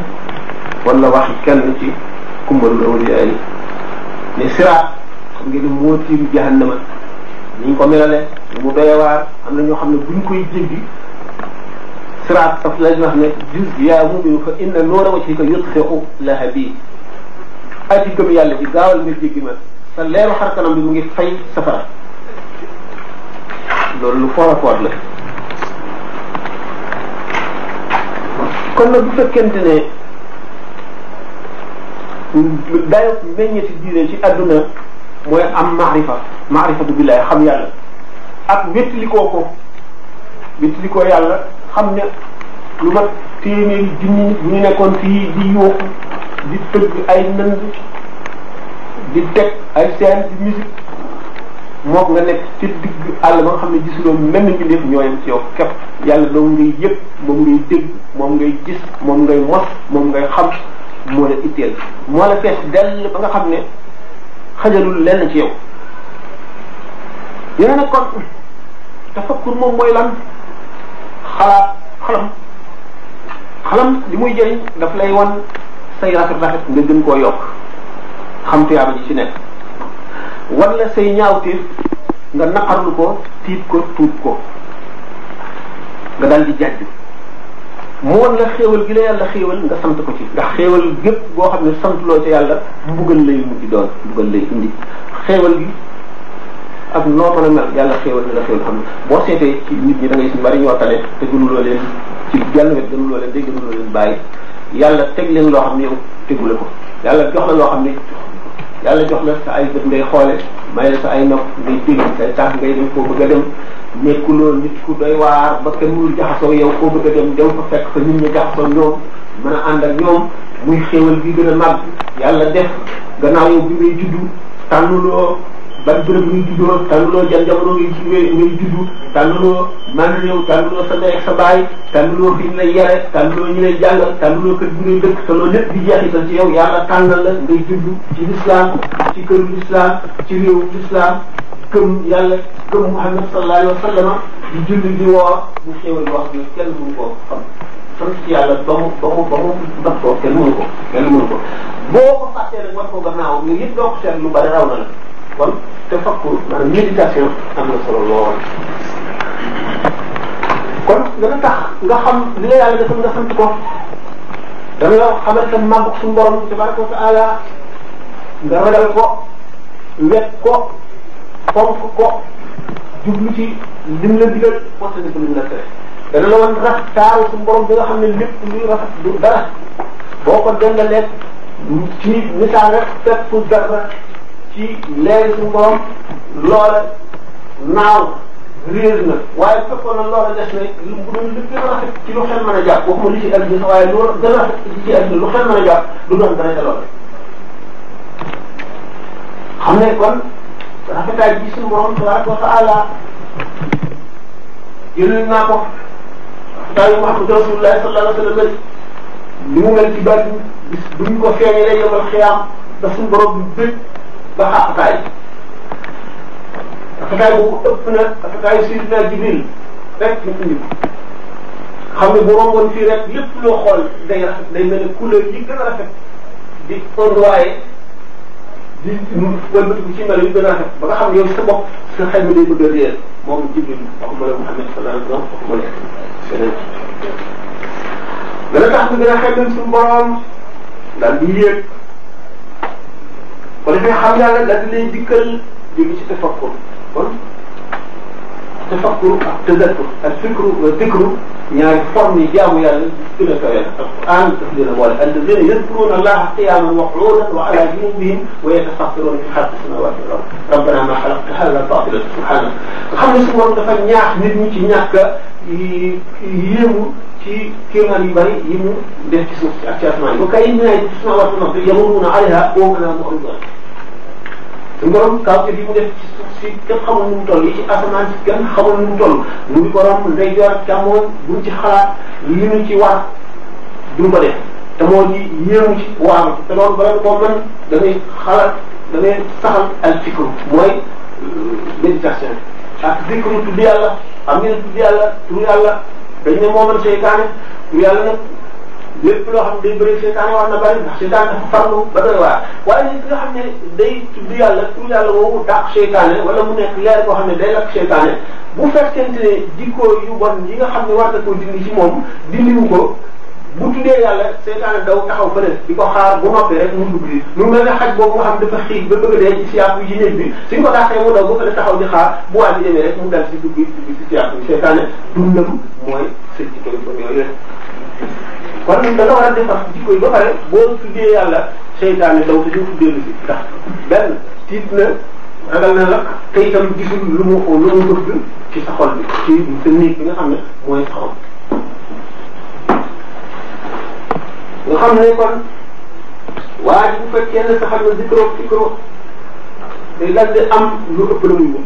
wala wax kenn ci kumbalul awliya yi ne siraat xam ngeen ne moo tiiru jahannama ni ko melale mu doyewaar am na ñoo xam ne buñ koy jéggi siraat parce que la ñu wax ne jus yaa muminu fa inna noora wajhika yutfiu lahabi aji gëm yàlla ji gaawal nga jéggi ma sa leeru xar kanam bi mu ngi fay safara loolu lu foor a foor la kon nag bu fekkente ne dayo meññeti diine ci àdduna mooy am maarifa maarifatu billahi xam yàlla ak wéttilikoo ko wéttilikoo yàlla xam ne lu mat téeméeri junni ñu nekkoon fii di yuuxu di tëgg ay nënd di teg ay scène di musique mook nga nekk ci digg àll ba nga xam ne gisuloo mel mbindeef ñoo ci yow képp yàlla doom ngay yëpp moom ngay dégg moom ngay gis moom ngay mos moom ngay xam moo la itteel moo la fees dell ba nga xam ne xajalul lenn ci yow yéen nag kon tafakkur moom mooy lan xalaat xalam xalam li muy jëriñ daf lay wan say rafet rafet nga gën koo yokk xam tuyaaba ji ci nekk wan la say ñaawteef nga naqarlu ko tiit ko tuub ko nga daal di jàjj mu wan la xéewal gi la yàlla xéewal nga sant ko ci ndax xéewal gépp boo xam ne santloo ca yàlla mbugal lay mujj doon mbugal lay indi xéewal gi ak noo mën a mel yàlla xéewal na la xéewal xam ne boo seetee ci nit ñi da ngay gis ñu bari ñoo tane te gënuloo leen ci genn wet gënuloo leen leen bàyyi yàlla teg leen loo xam ne yow la ko yàlla jox la loo xam ne yàlla jox la sa ay bët ngay xoole may la sa ay nopp ngay dégg say tànk ngay dem foo bëgg a dem nekkuloo nit ku doy waar ba kenn jaxasoo yow foo bëgg a dem dem fa fekk fa nit ñi jaxasoo ñoom mën a ànd ak ñoom muy xéewal bi gën a màgg yàlla def gannaaw bi ngay juddu tànnuloo ban béréb ngay juddoo tànnuloo jan jamono ngay ngay ngay juddu tànnuloo maanaam yow tànnuloo sa ndey ak sa baay tànnuloo fi ñu lay yare tànnuloo ñu lay jàngal tànnuloo kër gi ngay dëkk te loolu lépp di jeexital ci yow yàlla tànnal la ngay juddu ci lislaam ci këru lislaam ci réewu lislaam këm yàlla këm Muhammad sallallahu alayhi wa sallam di julli di woor bu xéewal wax ne kenn mënu koo ci yàlla ba mu ba mu ba mu ndax ko kenn ko kenn mënu ko boo ko fàttee nag war ko gannaaw yooyu yëpp ko kon tafakkur maanaam méditation am na solo lool kon dana tax nga xam li la yàlla defal nga sant ko dana la xamal sa màggug suñu borom tabaraka wa taala nga ragal ko wet ko fonk ko jublu ci lim la digal waxtani ko lim la tere dana la woon raf taaru suñu borom bi nga xam ne lépp luy rafet du dara boo ko dendalee ci misaal rek fépp dara ci léegi suñu borom loola naaw réer na waaye fekkoon na loola des na lu bu doon lu gën a rafet ci lu xel mën a jàpp waxuma li ci àdduna sax waaye lu gën a rafet ci àdduna lu xel mën a jàpp du doon dana ca loola xam ne kon rafetaay bi suñu borom tabaraka wa taala yónni naa ko rafetaayu Muhammad Rasulullah sallallahu alayhi wa sallam ni mu mel ci bàyyi bis bu ñu ko feeñee lay yombal xiyaam daf suñu borom bi bëgg ba xaqataay xaqataay boobu ëpp na xaqataayu Seydina Jibril rek xam ne bu romboon fii rek lépp loo xool day rafet day mel ne couleur yi gën a rafet di ondoyé di wëlbatiku ci melo yu gën a rafet ba nga xam ne yow sa bopp bëgg a réer moom Jibril waxuma la Muhammad sallallahu alayhi wa sallam waxuma la seneen dana tax gën a xeetal suñu borom daal di yéeg ko defee xam yàlla daal di lay dikkal jóge ci tafakkur kon tafakkur ak tazakkur ak fikru wa dikru ñaari forme yi jaamu yàlla gën a kawe alquran daf leen a boole alladina yadkuruna allaha qiyaman wa quudan wa ala junubihim wa yatafakkiruna fi xalqi samawati wal ard rabbana ma xalaqta hada batila subhanak nga xam ne su moom dafa ñaax nit ñi ci ñàkk a yéemu ci kéemaan yu bëri yi mu def ci suuf si ak ci asamaan yi ba kay ñu ne ci samaawaati wal ardi yamurruuna alayhaa wa hum anhaa mu'riduun suñu borom kaw te fi mu def ci suuf si kenn xamul nu mu toll yi ci asamaan si kenn xamul nu mu toll mu ngi ko romb ndey joor càmmoon buñ ci xalaat li ñu ci war duñ ko def te moo di yéemu ci waaru te loolu bala koo mën da ngay xalaat da ngay saxal al fikru mooy euh, méditation ak zikru tudd yàlla xam ngeen tudd yàlla tudd yàlla dañ ne moomal seytaane yàlla nag lépp loo xam day bëri seytaane wax na bëri ndax seytaane dafa farlu ba doy waar waaye nit nga xam ne day tudd yàlla tudd yàlla woowu dàq seytaane wala mu nekk leer boo xam ne day lakk seytaane bu fekkente di jikko yu bon yi nga xam ne war na koo dindi ci moom dindiwu ko bu tuddee yàlla seytaane daw taxaw bële di ko xaar bu noppee rek mu dugg ci mu mel ne xaj boobu nga xam dafa xiig ba bëgg a dee ci siyaaku yi néeg bi suñ ko dàqee mu daw ba fële taxaw di xaar bu waa ji demee rek mu dal ci dugg dugg ci siyaaku yi seytaane mooy sëñ ci yooyu kon da war a defar jikko yi ba pare boo tuddee yàlla seytaane daw te suuf dellu si ndax benn tiit na ragal na la te itam gisul lu mu lu mu bëgg ci sa xol bi ci sa néeg bi nga xam ne mooy sa xol nga xam ne kon waa ji bu fekkee ne saxal na zikro fikro day dal di am lu ëpp la muy wut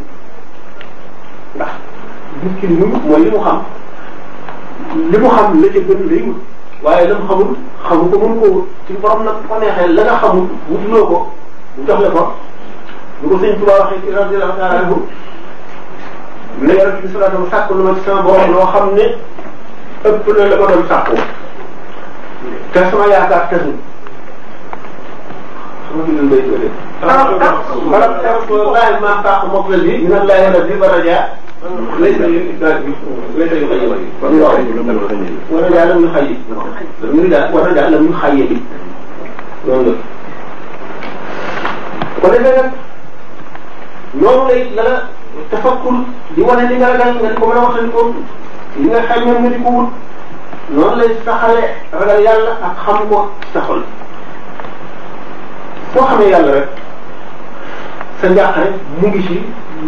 ndax nit ki lu muy wut mooy li mu xam li mu xam la ca gën lay wut waaye la mu xamul xamu ko mënu ko wut ci borom nag bu ko neexee la nga xamul wutuloo ko mu jox la ko lu ko sëñ Tuubaa waxee ci radiyallahu taala anhu ne yàlla ci salaatam sàkk lu ma ci sama borom loo xam ne ëpp na la ko doon sàkku te sama yaakaar tënku. sama dundal béy ko de. maanaam tax waaye maa faax moom la lii. dina laaj la bii bara jaar. lay sa yu daal bi lay sa yu xëy yi. kon lool war na daal la muy xëy yi. muy daal war na daal la muy xëy yi. noonu la. ko defee nag noonu lay la la tafakkur di wane li nga ragal nga di ko mën a waxal ko li nga xayma nga di ko wut. noonu lay saxale ragal yàlla ak xam ko sa xol soo yàlla rek sa njàqare mu ngi ci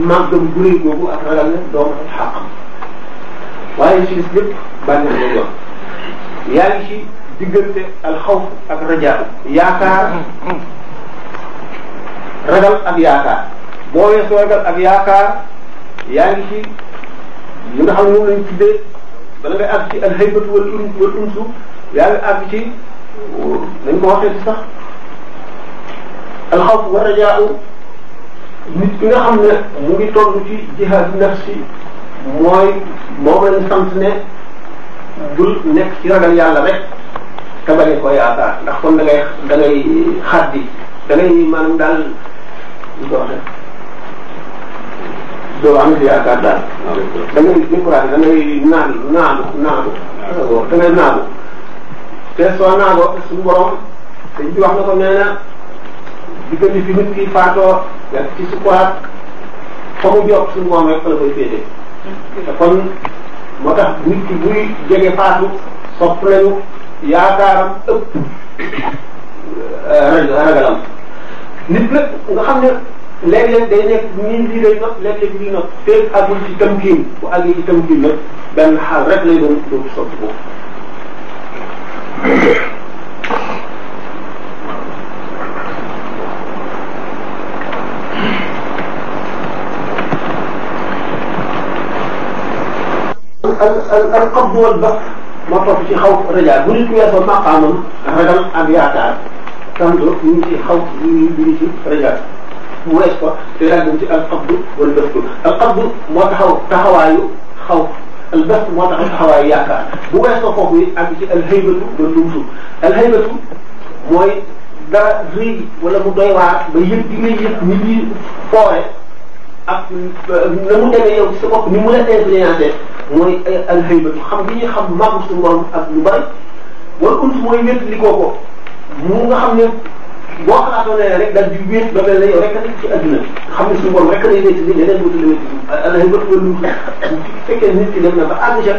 màggam bu rëy googu ak ragal ne doomu xaqam waaye ci des lépp bànneex lay doon yaa ngi ci diggante alxawf ak rajaa yaakaar ragal ak yaakaar boo weesoo ragal ak yaakaar yaa ngi ci li nga xam ne moom lañ tuddee bala ngay àgg ci al haybatu wal un wal unsu yaa ngi àgg ci ko waxee wa rajaa xam mu ngi toll ci jihaad nafsi mooy sant ne bul nekk ci ragal yàlla rek te bañ a ko ndax kon da ngay da ngay xaddi da ngay maanaam daal doo am si yaakaar daal. da ngay découragé da ngay naan naanu naanu. waaw da ngay naanu. te soo naanoo suñu borom dañ ci wax na ko nee na diggante fi nit ki faatoo yàgg ci sukuraat fa mu jox suñu borom rek fa la koy féetee. te kon moo tax nit ki buy jege faatu sopp nañu yaakaaram ëpp euh, ragalam nit nag nga xam ne. léeg-léeg day nekk ñun lii day nopp léeg-léeg lii nopp féeg agul ci tamkiin bu àggee ci tamkiin nag benn xaal rek lay doon doon soppi ko. al al al qabd wal bas moo topp ci xaw raja bu nit weesoo maqaamam ragal ak yaakaar tam do ñu ngi ci xaw ñu ngi ci raja mu wees ko te daal di ci al qabdu wala bëstu al qabdu moo taxaw taxawaayu xaw al bëstu moo taxaw taxawaayu yaakaar bu wees ko foofu it àgg ci al haybatu wala lumtu al haybatu mooy dara réegi wala mu doy waar ba yëg di ngay yëg nit ñi foore ak na mu demee yow ci sa bopp ni mu la influencé mooy al haybatu xam bi ñuy xam màggu suñu borom ak lu bari wala unt mooy wétli koo ko mu nga xam ne boo xalaatoo ne rek daal di wéet ba mel ne yow rek a nekk ci adduna xam ne suñu borom rek lay nekk nii leneen dootul nekk alay bëtul lu fekkee nit ki dem na ba àgg ca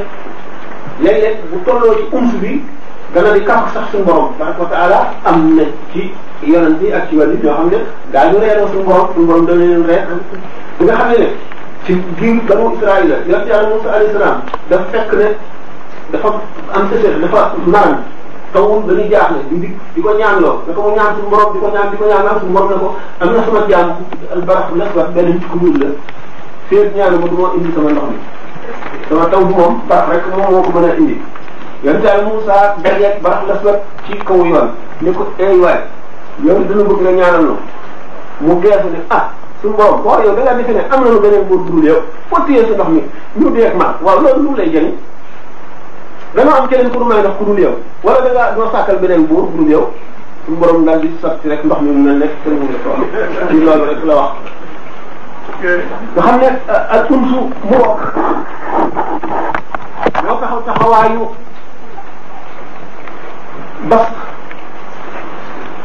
léeg-léeg bu tolloo ci umf bi dana di kàq sax suñu borom tabaraka wa taala am na ci yonent yi ak ci wàllu ñoo xam ne daañu reeroo suñu borom suñu borom dana leen reer bi nga xam ne ne ci biir banu Israaïla yonent yàlla Musa alayhi salaam dafa fekk ne dafa am sécher dafa maran kaw moom dañuy jaaxle di ko ñaan loo da ko mu ñaan suñu borom di ko ñaan di ko ñaan naan suñu borom ne ko am na sama jaam albarax lesbat benn nit ku ñuul la séet ñaanu ma du ma indi sama ndox mi ko mën a indi yonent Yàlla Muusaa dajeek barax lesbat ci ko ay waay mu geesu ne a ah, suñu borom waaw yow da ngaa di ne am na lu beneen góor dul yow foo téye sa ndox mi ñu deek ma waaw loolu lay jëriñ danoo am keneen ku nu may ndox ku dul yow wala da ngaa doo sàkkal beneen buur ku dul yow suñu borom daal di sotti rek ndox mi mu mel ne kër mu nekk ci loolu rek la wax. nga xam ne euh, al unsu mu bokk ñoo taxaw taxawaayu bas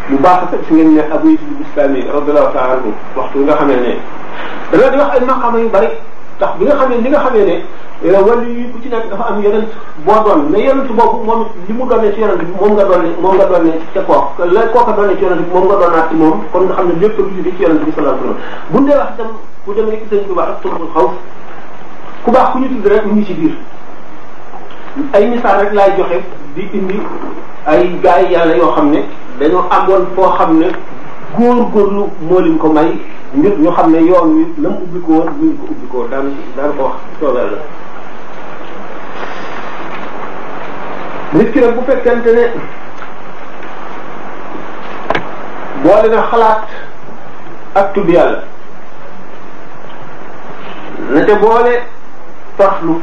bu baax si ngeen ne Abu Yazid Bistami radiyallahu ta'ala anhu waxtu bi nga xamee ne. dana di wax ay maqaama yu tax bi nga xamee li nga xamee ne. wàllu yi ku ci nekk dafa am yonent boo doon mais yonent boobu moom li mu doonee ci yonent bi moom nga doon moom nga doonee ca kooku la kooka doonee ci yonent bi moom nga doonaat ci moom kon nga xam ne lépp lu ci yonent bi sallallahu alayhi bu dee wax itam ku dem rek sëñ Tuubaa ak turbul xaw ku ku ñu tudd rek mu ngi ci biir ay misaal rek laay joxe di indi ay gaay yàlla yoo xam ne dañoo amoon foo xam ne góor-góorlu moo leen ko may ngir ñu xam ne yoon wi la mu ubbi ko woon ko ubbi daan daan ko soobee la nit ki nag bu fekkente ne boole na xalaat ak tudd yàlla na ca boole taxlu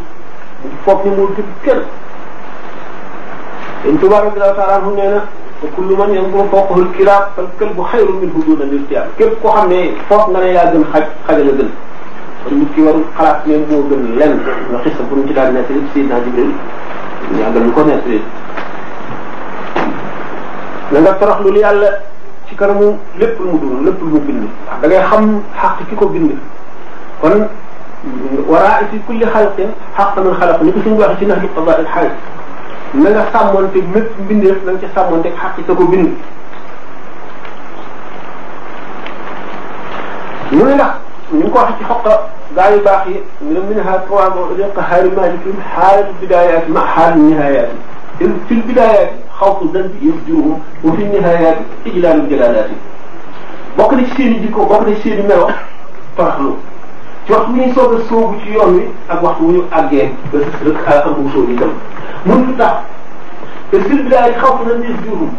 bu foog ni mu tudd kenn dañ tubaab radiyallahu taala anhu nee na wa kullu man yanzuru fawqahu al-kilaab fal-kalbu xayrun minhu duuna al-kilaab képp koo xam ne foog nga ne yaa gën xaj xajal a gën kon nit ki warul xalaat ne moo gën lenn nga xis bu ñu ci daal nekk lépp Seydina Jibril ñu àggal ñu ko nekk lépp. na nga torox lu yàlla ci kanamu lépp lu mu dund lépp lu mu bind da ngay xam xaq ki ko bind kon waraa fi kulli xalqin xaq min xalaq ni ko suñu waxee ci nax bi qada al xaaj na nga sàmmonteeg mépp mbindeef na nga ci sàmmonteeg xaq ci sa ko bind. mu ne nag ñu ngi ko waxee ci xoqa gaa yu baax yi ñu ne minha trois riqahaari malikin xaal bidayaati ma xaal nihayaati fi lbidayaati xawfu zanbi yafjuruhum wa fi nihayaati ijlaalu jalalaati bokk na ci seen i jikko bokk na ci seen i melo toroxlu waxtu wu ñu soog a sóobu ci yoon wi ak waxtu wu ñu àggee ba rek am uusoo itam mënut tax te sylvain yi xaw na ni jurum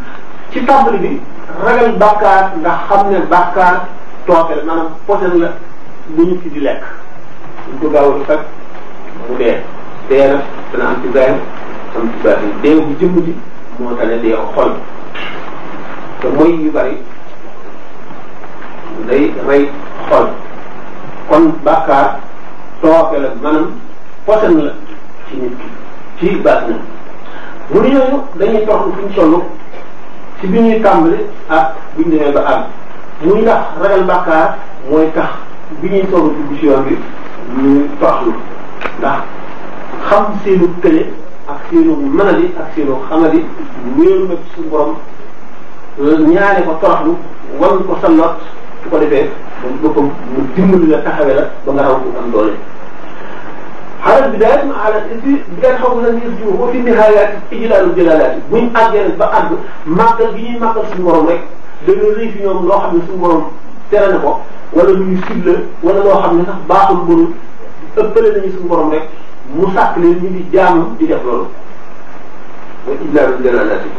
ci tàmbali bi ragal bàkkaar ndax xam ne bàkkaar tooke la maanaam la lu ñu ci di lekk ñu ko gaaw a mu dee dee na dana am ci gayam am ci baax yi dee moo tax ne dee mooy yu xol kon bàkkaar tooke la maanaam poison la ci nit ki baat na mu ne ñooñu dañuy toxlu fu ñu ci bi ñuy tàmbali ak bu ñu ba àgg muy ndax ragal bàkkaar mooy tax bi ñuy toll dugg ci yoon bi ñuy toxlu ndax xam seenu tële ak seenu mënadi ak seenu xamadi wéeru na ci suñu borom ñaare ko toxlu wan ko sa su ko defee moom boppam mu dimbali la taxawee la ba nga raw bu am doole xaaral bi daal ma àll bi ngeen xaw na ngir jiw boo fi nihayaati ijlaalu jalaalaati buñ àggee nag ba àgg màggal gi ñuy màggal suñu borom rek dañoo rëy fi ñoom loo xam ne suñu borom tere na ko wala lu ñu sib la wala loo xam ne sax baaxul bon ëppale nañu suñu borom rek mu sàkk leen ñu di jaamu di def loolu mooy ijlaalu jalaalaati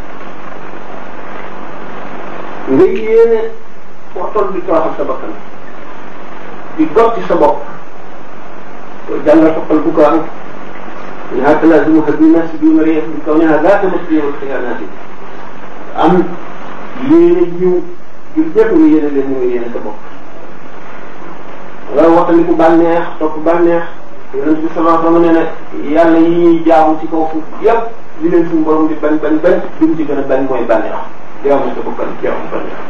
ngay yéene waxtoon bi toroxal sa bakkan di gotti sa bopp loolu jàngal toppal bu ko am ñaata talaa duma xam ne si biir réew mi kaw ñaata laata ma fi yéwal xiyaanaati am yéene jiw jur bépp nga yéene leen mooy yéene sa bopp. loolu nee na yàlla yi jaamu ci kaw foofu yépp li leen suñu di bañ bañ bañ li mu ci gën a bañ mooy bànneex jaamu sa bopp ak jaamu bànneex.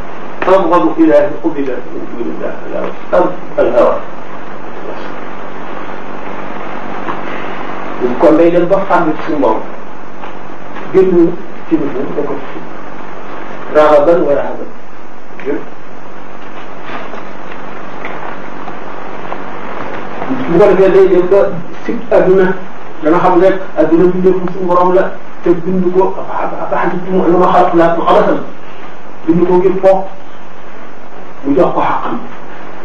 أبغض إلى أن قبل من دون الله الأرض الهوى kon day dem ba xam ne suñu borom génn ci lu da ko ci raxaban wa raxaban bu ko defee day dem ba si adduna dana xam rek adduna bi def suñu borom la te bind ko ab ab ab lu ma xalaat laa ko xalatal bind ko ngir foofu mu jox ko xaqam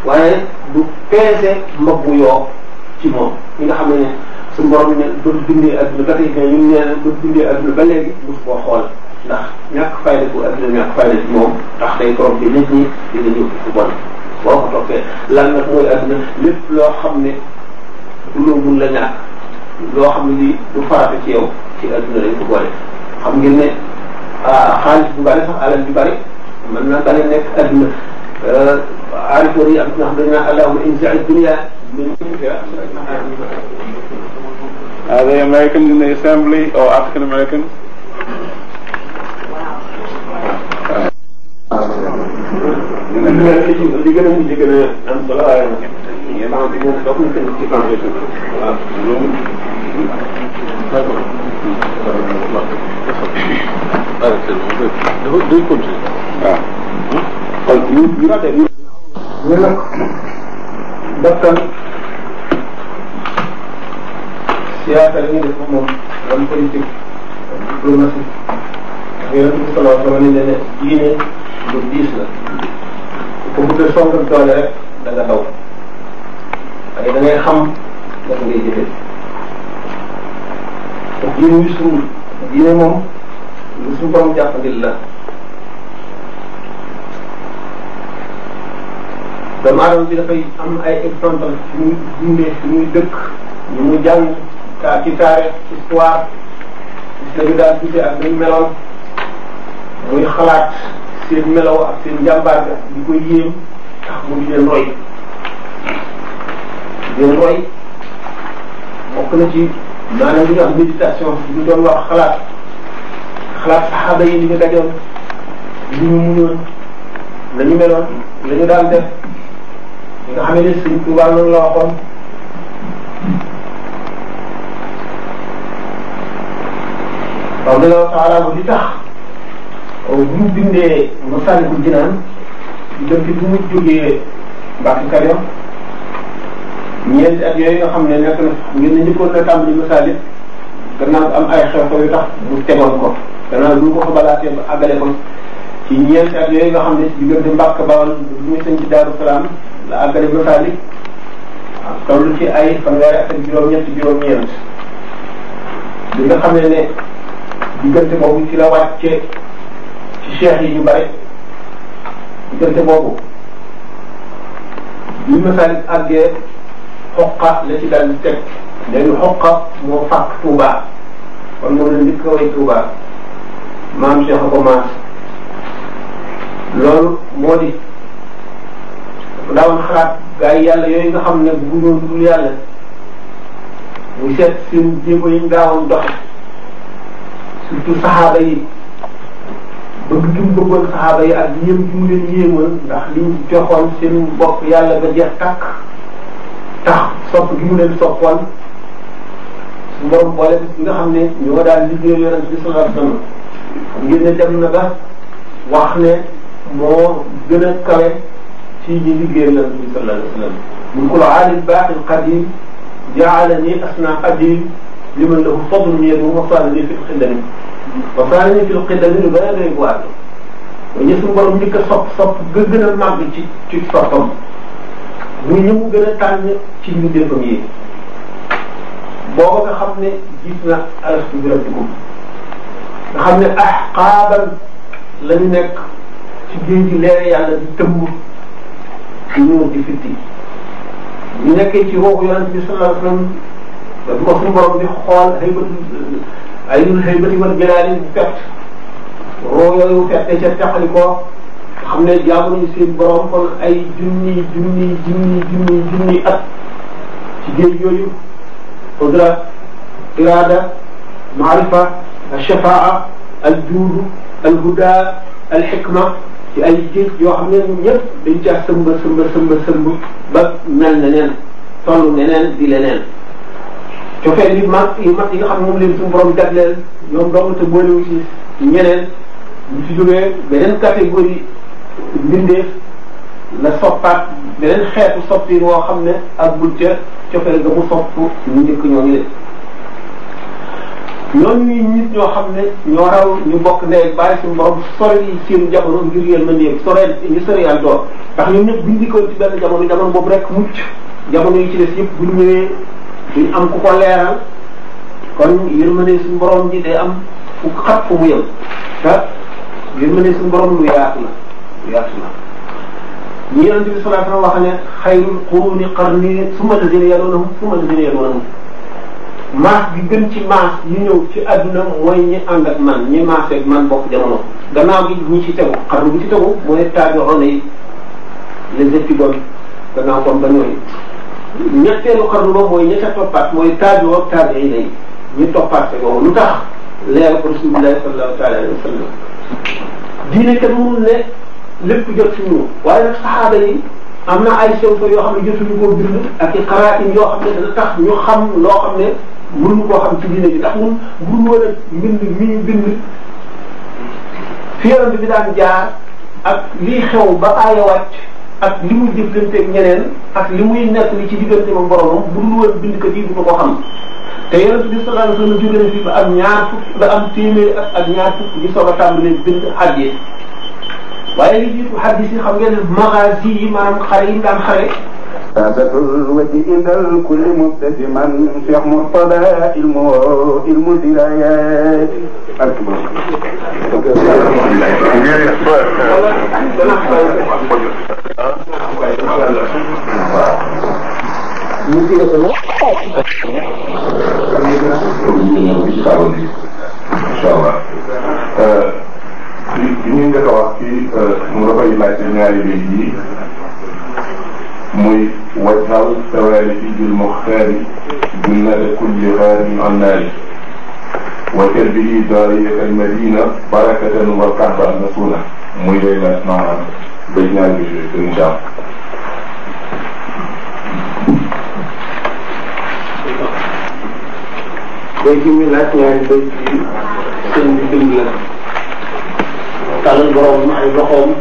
waaye du peese mbabbu yoo ci moom ñi nga xam ne suñu borom ne ba dundee adduna ba tey mais ñu nee na ba dundee adduna ba koo xool ndax ñàkk fayda bu adduna ñàkk fayda ci moom ndax day toog nit ñi di la yóbbu fu bon boo toppee lan nag mooy adduna lépp loo xam ne du loo la ñàkk loo xam ne lii du farata ci yow ci adduna lañ ko boole xam ngeen ne ah, xaalis bu bari sax alal bu bari mën na bari nekk adduna aarifoor yi am na xam dañ naan allahumma inja dunya Are they Americans in the assembly or African American? li gën a mujj gën a am solo waaye maanaam ñoom bokkuñ seen ci plantation waaw loolu d'accord xol ñu ñu rotee ñu. ñu ne bakkan siyaasa la ñuy def moom wala politique ak diplomatie ak yeneen bi sallallahu alayhi wa sallam leen ne diine lu diis la ku bëgg a songal doole rek da nga daw ngay xam naka ngay jëfee te diine yu diine moom lu suñu borom jàppandil la. doomu aadama bi dafay am ay exemple su muy dundee su muy dëkk ñu mu jàng kaa ci taarix histoire gis nañu daal gisee ak nañu meloon muy xalaat seen melaw ak seen njàmbaar ga di ko yéem tax mu di leen roy di leen roy bokk na ci maanaam li ñu wax méditation li ñu doon wax xalaat xalaat saxaaba yi li ñu dajoon li ñu muñoon la ñu meloon la li nga xamee ne Sëriñ Tuubaa loolu la waxoon radiyallahu taala anhu li tax bu mu bindee Masaalikul Jinaan dëkk bi mu jógee Mbàkke Kajoor ñeenti at yooyu nga xam ne nekk na ngeen ne njëkkoon na tàmbali Masaalik gannaaw am ay xew-xew yu tax mu tegoon ko gannaaw lu ko xabalaatee xam ne diggante Mbàkke bu ñu sañ Daaru Salaam la àggale jotaay bi toll ci ay fanweeri at ak juróom-ñett juróom-ñeent bi nga xam ne ne diggante boobu ci la wàcce ci cheikh yi ñu bare diggante boobu bi masalik àggee xoqa la ci daal teg léegi xoqa moo fàq Touba kon moom la njëkk a way maam cheikh a ko loolu moo di daawoon xalaat gaa yàlla yooyu nga xam ne bëgguñu dul yàlla muy seet seen jéego yi ñu daawoon doxe saxaaba yi bëgg gi mu bëggoon yi ak yéem gi mu leen yéemal ndax liñ bopp yàlla ba jeex tax sopp gi mu su borom boole bi nga xam ne ñoo daal liggéey yonent bi sallallahu alayhi wasallam ngeen ne dem wax ne moo gën a siiji liggéeyal na bi sallallahu alayhi wa sallam mun kul aalim baaxil qadim jaalani asna qadim liman lahu fadlu ñeent mu wasaani fil xillami wasaani fil xillami lu bëri day waat ñu suñu borom njëkk a sopp sopp nga gën a màgg ci ci soppam mu ñëw gën a tànn ci mbindeefam yi booba nga xam ne gis na alastu bi rabbikum nga xam ne ahqaaban lañu nekk ci géej gi leer yàlla ak ñi mujj fitti ñu nekkee ci woowu yonent bi sallallahu alayhi wasallam ba bu ko suñu borom di xool ay bët ay ay bët yu war jëlaali bu fett roo yooyu fette ca teqali ko xam ne jaamu nañu seen borom kon ay junni junni junni junni junni at ci géej yooyu qudra irada maarifa alshafaa aljuud alhuda alxikma ci ay géej yoo xam ne ñëpp dañ caa sëmba sëmba sëmba sëmb ba mel ne neen toll ne neen di leneen cofeel yi mag yi mag yi nga xam ne moom leen suñu borom jagleel ñoom dong te boolewu ci ñeneen bu ci jógee beneen catégorie mbindeef la soppaat beneen xeetu soppi woo xam ne ak bu ca cofeel ga mu sopp ñu njëkk ñoo ngi leen ñooñu ñuy nit ñoo xam ne ñoo raw ñu bokk ndey bàyyi suñu borom sori seen jamono ngir yéen ma néeg soreel ñu soreyal door ndax ñun ñëpp bindi ko ci benn jamono rek mucc jamono yëpp bu ñu am ku ko leeral kon yéen ma ne suñu borom ji day am fu xat fu mu ne suñu borom maas bi gën ci maas yu ñëw ci adduna mooy ñi ànd ak man ñi maase ak man bokk jamono gannaaw gi ñi ci tegu xarnu bi ci tegu mooy taabixoon yi les épigones gannaaw kon ba ñooyu ñetteelu xarnu ba mooy ñetta toppaat mooy taabixoo ak ñu toppaat te boobu lu tax leer ko rasulillahi sallallahu taala alayhi wa sallam diine kat mënul ne lépp jot ci ñu waaye nag saxaaba yi am na ay sew fa yoo xam ne jotuñu koo bind ak i xaraatin yoo xam ne dana tax ñu xam loo xam ne mënuñu ko xam ci diine ji ndax ñun buñu a mbind mi ñu fi yaram bi daan jaar ak liy xew ba aaya wàcc ak li muy jëflanteeg ñeneen ak li muy nekk li ci diggante ba boromam buñu war a bind kat yi du ko xam te yonent bi sallallahu alayhi wasallam ba am ñaar fukk ba am téeméeri ak ak ñaar fukk di soog a tàmbalee bind xadis waaye yi xam ngeen ne magaasi yi maanaam xare daan xare فاتة الوجه إلى الكل مبتسما شيخ مرتضى علمه علم درايات أكبر Inshallah. li ñu njëkk a wax ci mu la koy laaj ci ñaari bi yi muy wajal sawaarifijul muxtaari junnada kulli xaarin an naari wa kalbihi daariya al madina barakatan wa kahba muy lay la maanaam béy naa ngi joué sëriñ Daam léegi ñu laaj ñaari bi bind la tàllal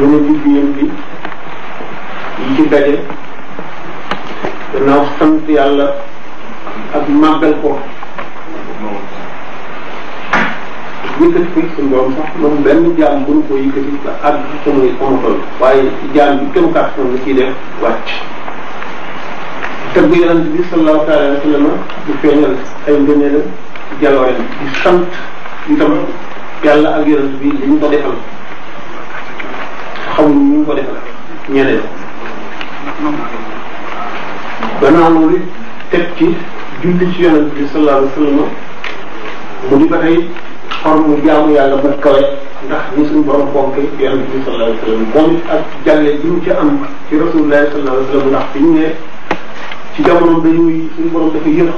yoonu liggéeyam bi yi ci daje danaa sant yàlla ak màggal ko yëkkati ko suñu borom sax moom benn jaam bu ko yëkkati ba àgg fa muy onotol waaye jaam bi kéem kàttan la ciy def wàcc tëgg yonent bi sallallahu taala alayhi wa sallam di feeñal ay ngëneelam jaloorem di sant itam yàlla ak yonent bi li ñu ko defal xamuñ ñu ñu ko defal ñeneen gannaaw loolu teg ci julli ci yonent bi sallallahu alayhi wa sallam mu di ba tey forme jaamu yàlla ba kawe ndax ñu suñu bi sallallahu alayhi wa sallam moom it ak jàlle ci am ci rasulullahi sallallahu alayhi wa sallam ndax fi ñu ne ci jamono dañuy suñu borom dafa yër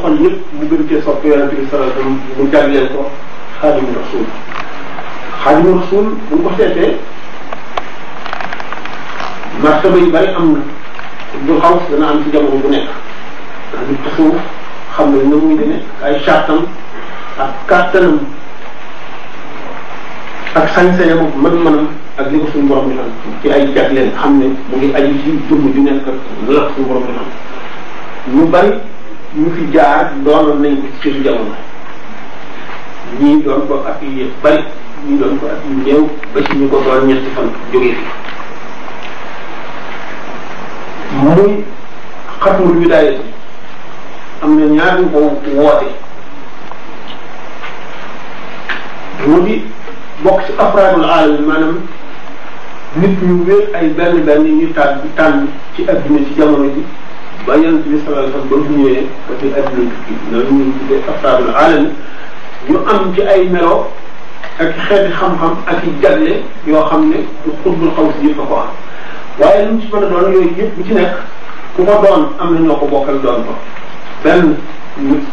mu gën cee ko xaadimu rasul xaadimu rasul bu ñu ko martaba yu bari am na du xaw dana am ci jamono bu nekk ndax du tasawuf xam nañ na muy demee ay chartam ak kàttanam ak sañ-sañam ak mën-mënam ak li ko suñu borom defal ci ay jagleel xam ne mu ngi aju ci jëmm ju nekk la ko suñu borom defal ñu bari ñu fi jaar doonoon ko ci suñu ñii doon ko ak yu bari ñii doon ko ak yu néew ba ci ko doon ñetti muy xatmul wilaaya am na ñaar ñu ko woote mu di bokk ci afraadul aalam maanaam nit ñu wér ay benn benn ñu tànn tànn ci adduna ci jamono ji ba yonent bi sallallahu alayhi wasallam ba mu ñëwee ba tey adduna tukki loolu ñu tuddee afraadul aalam ñu am ci ay melo ak xeeti xam-xam ak i jagle yoo xam ne du xutbul xaw si yëpp a ko am waaye lu mu ci mën a doon yooyu ci nekk ku ko doon am na ñoo ko bokkal doon ko benn nit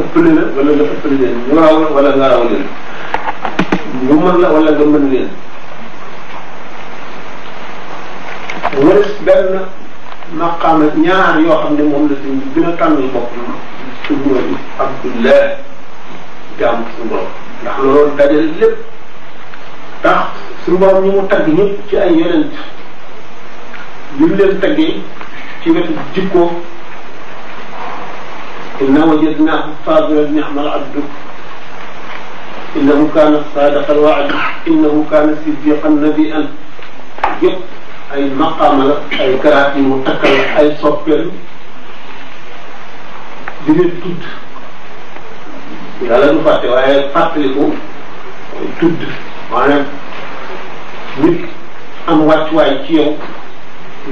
ëppale la wala nga ëppale leen ñu la wala nga raw leen ñu mën la wala nga mën leen yoo xam ne moom la suñ gën a tànnal boppam su ñooñu abdullah jaamu suñu borom ndax loolu dajale lépp tax suñu borom ñu mu tagg ñëpp ci ay yonent li mu leen taggee ci wetu jikko inna wajadnaahu saabiran ni'mal abdu innahu kaana saadiqal wa'di innahu kaana siddiqan nabiyyan yëpp ay maqaama la ay garaat yi mu takkal ay soppeel di leen tudd yàlla du fàtte waaye fàttaliku tudd maanaam nit am wàccuwaay ci yow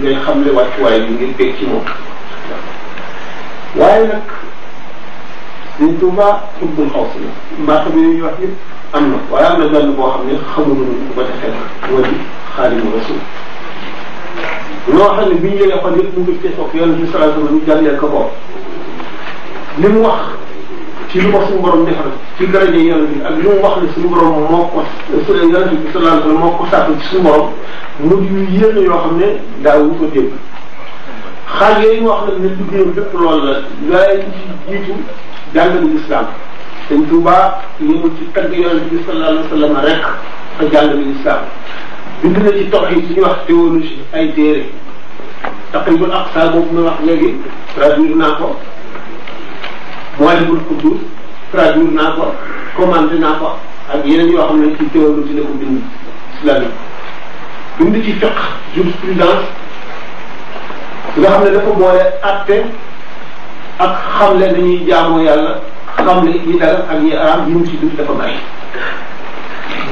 ngay xam le wàccuwaay bi ngir bég ci moom waaye nag Sëriñ Tuuba xubbul xaw si la mbaax bi ñuy wax yëpp am na waaye am na benn boo xam ne xamuñu ko ba defee la moo di xaalimu rasul loo xam ne bi ñu yëgee xol yëpp mu ngi ci soog yoon bi sallallahu alayhi wa sallam ñu jàngee ko ko li mu wax ci lu ko suñu borom defal ci daraja yonent bi ak li mu wax ne suñu borom moo ko yonent bi sallallahu alayhi wasallam moo ko sàkk ci suñu borom mu di yéene yoo xam ne daawu ko dégg xaaj yooyu wax nag ne dugg lépp loolu la waaye ñu ci jiitu jàngalu lislaam ci tagg yonent bi sallallahu alayhi wasallam rek fa jàngalu lislaam na ci tox yi ci ñuy wax théologie ay téere taqribul aqsa boobu ma wax léegi traduire naa ko Mawaahiboul Quddous traduire naa ko commenté naa ko ak yeneen yoo xam ne ci théologie la ko bind islamique bind ci fiqh jurisprudence nga xam ne dafa boole ak xamle dañuy jaamoo yàlla xamle yi dagal ak yi araam yi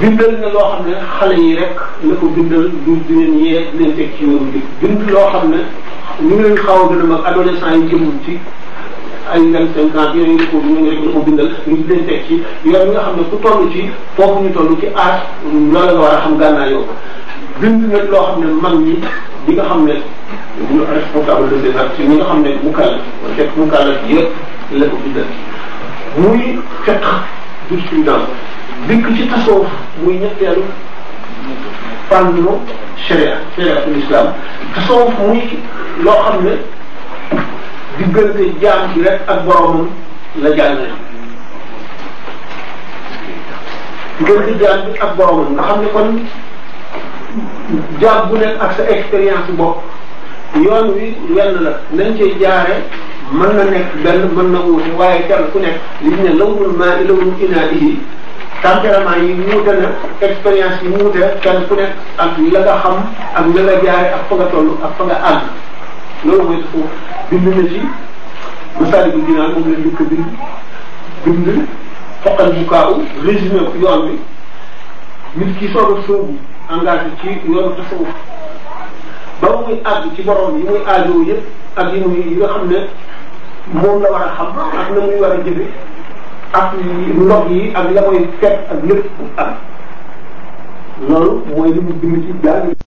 mu na loo xam ne xale yi rek la ko bindal du di yee di leen ci yoonu bi bind loo xam ne ñu ngi leen xaw a gën a yi jëm ci ay vingt-cinq ans yooyu nga ko ñu ngi rek nga ko bindal ngi leen xam ne ku toll ci foofu ñu toll ci âge loola nga war a xam gànnaaw yow loo xam ne mag ñi ñi nga xam ne xam ne mu kàll fekk mu kàll yëpp la ko bindal muy fekk jurisprudence dikk ci tasoof muy ñetteelu fànnu sharia sharia ul islam xam ne gën diggante jaam bi rek ak boromam la jàllale. diggante jaam bi ak boromam nga xam ne kon jaam bu nekk ak sa expérience bopp yoon wi lenn la nañ cee jaare mën na nekk benn mën na wuute waaye kenn ku nekk li ñu yi tempérament yi wuute na expérience yi wuute kenn ku nekk ak la nga xam ak la jaare ak fa nga toll ak fa nga àgg loolu mooy suuf bind na ci Masaalikul Jinaan moom la njëkk a bind bind xoqal bu kaaw résumé ko yoon bi nit ki soog i sóobu engagé ci yoonu tasawuf ba muy ci borom yi muy i yi muy yi nga xam ne moom la war a xam ak na muy war a jëfe ak ndox yi ak mu bind ci daal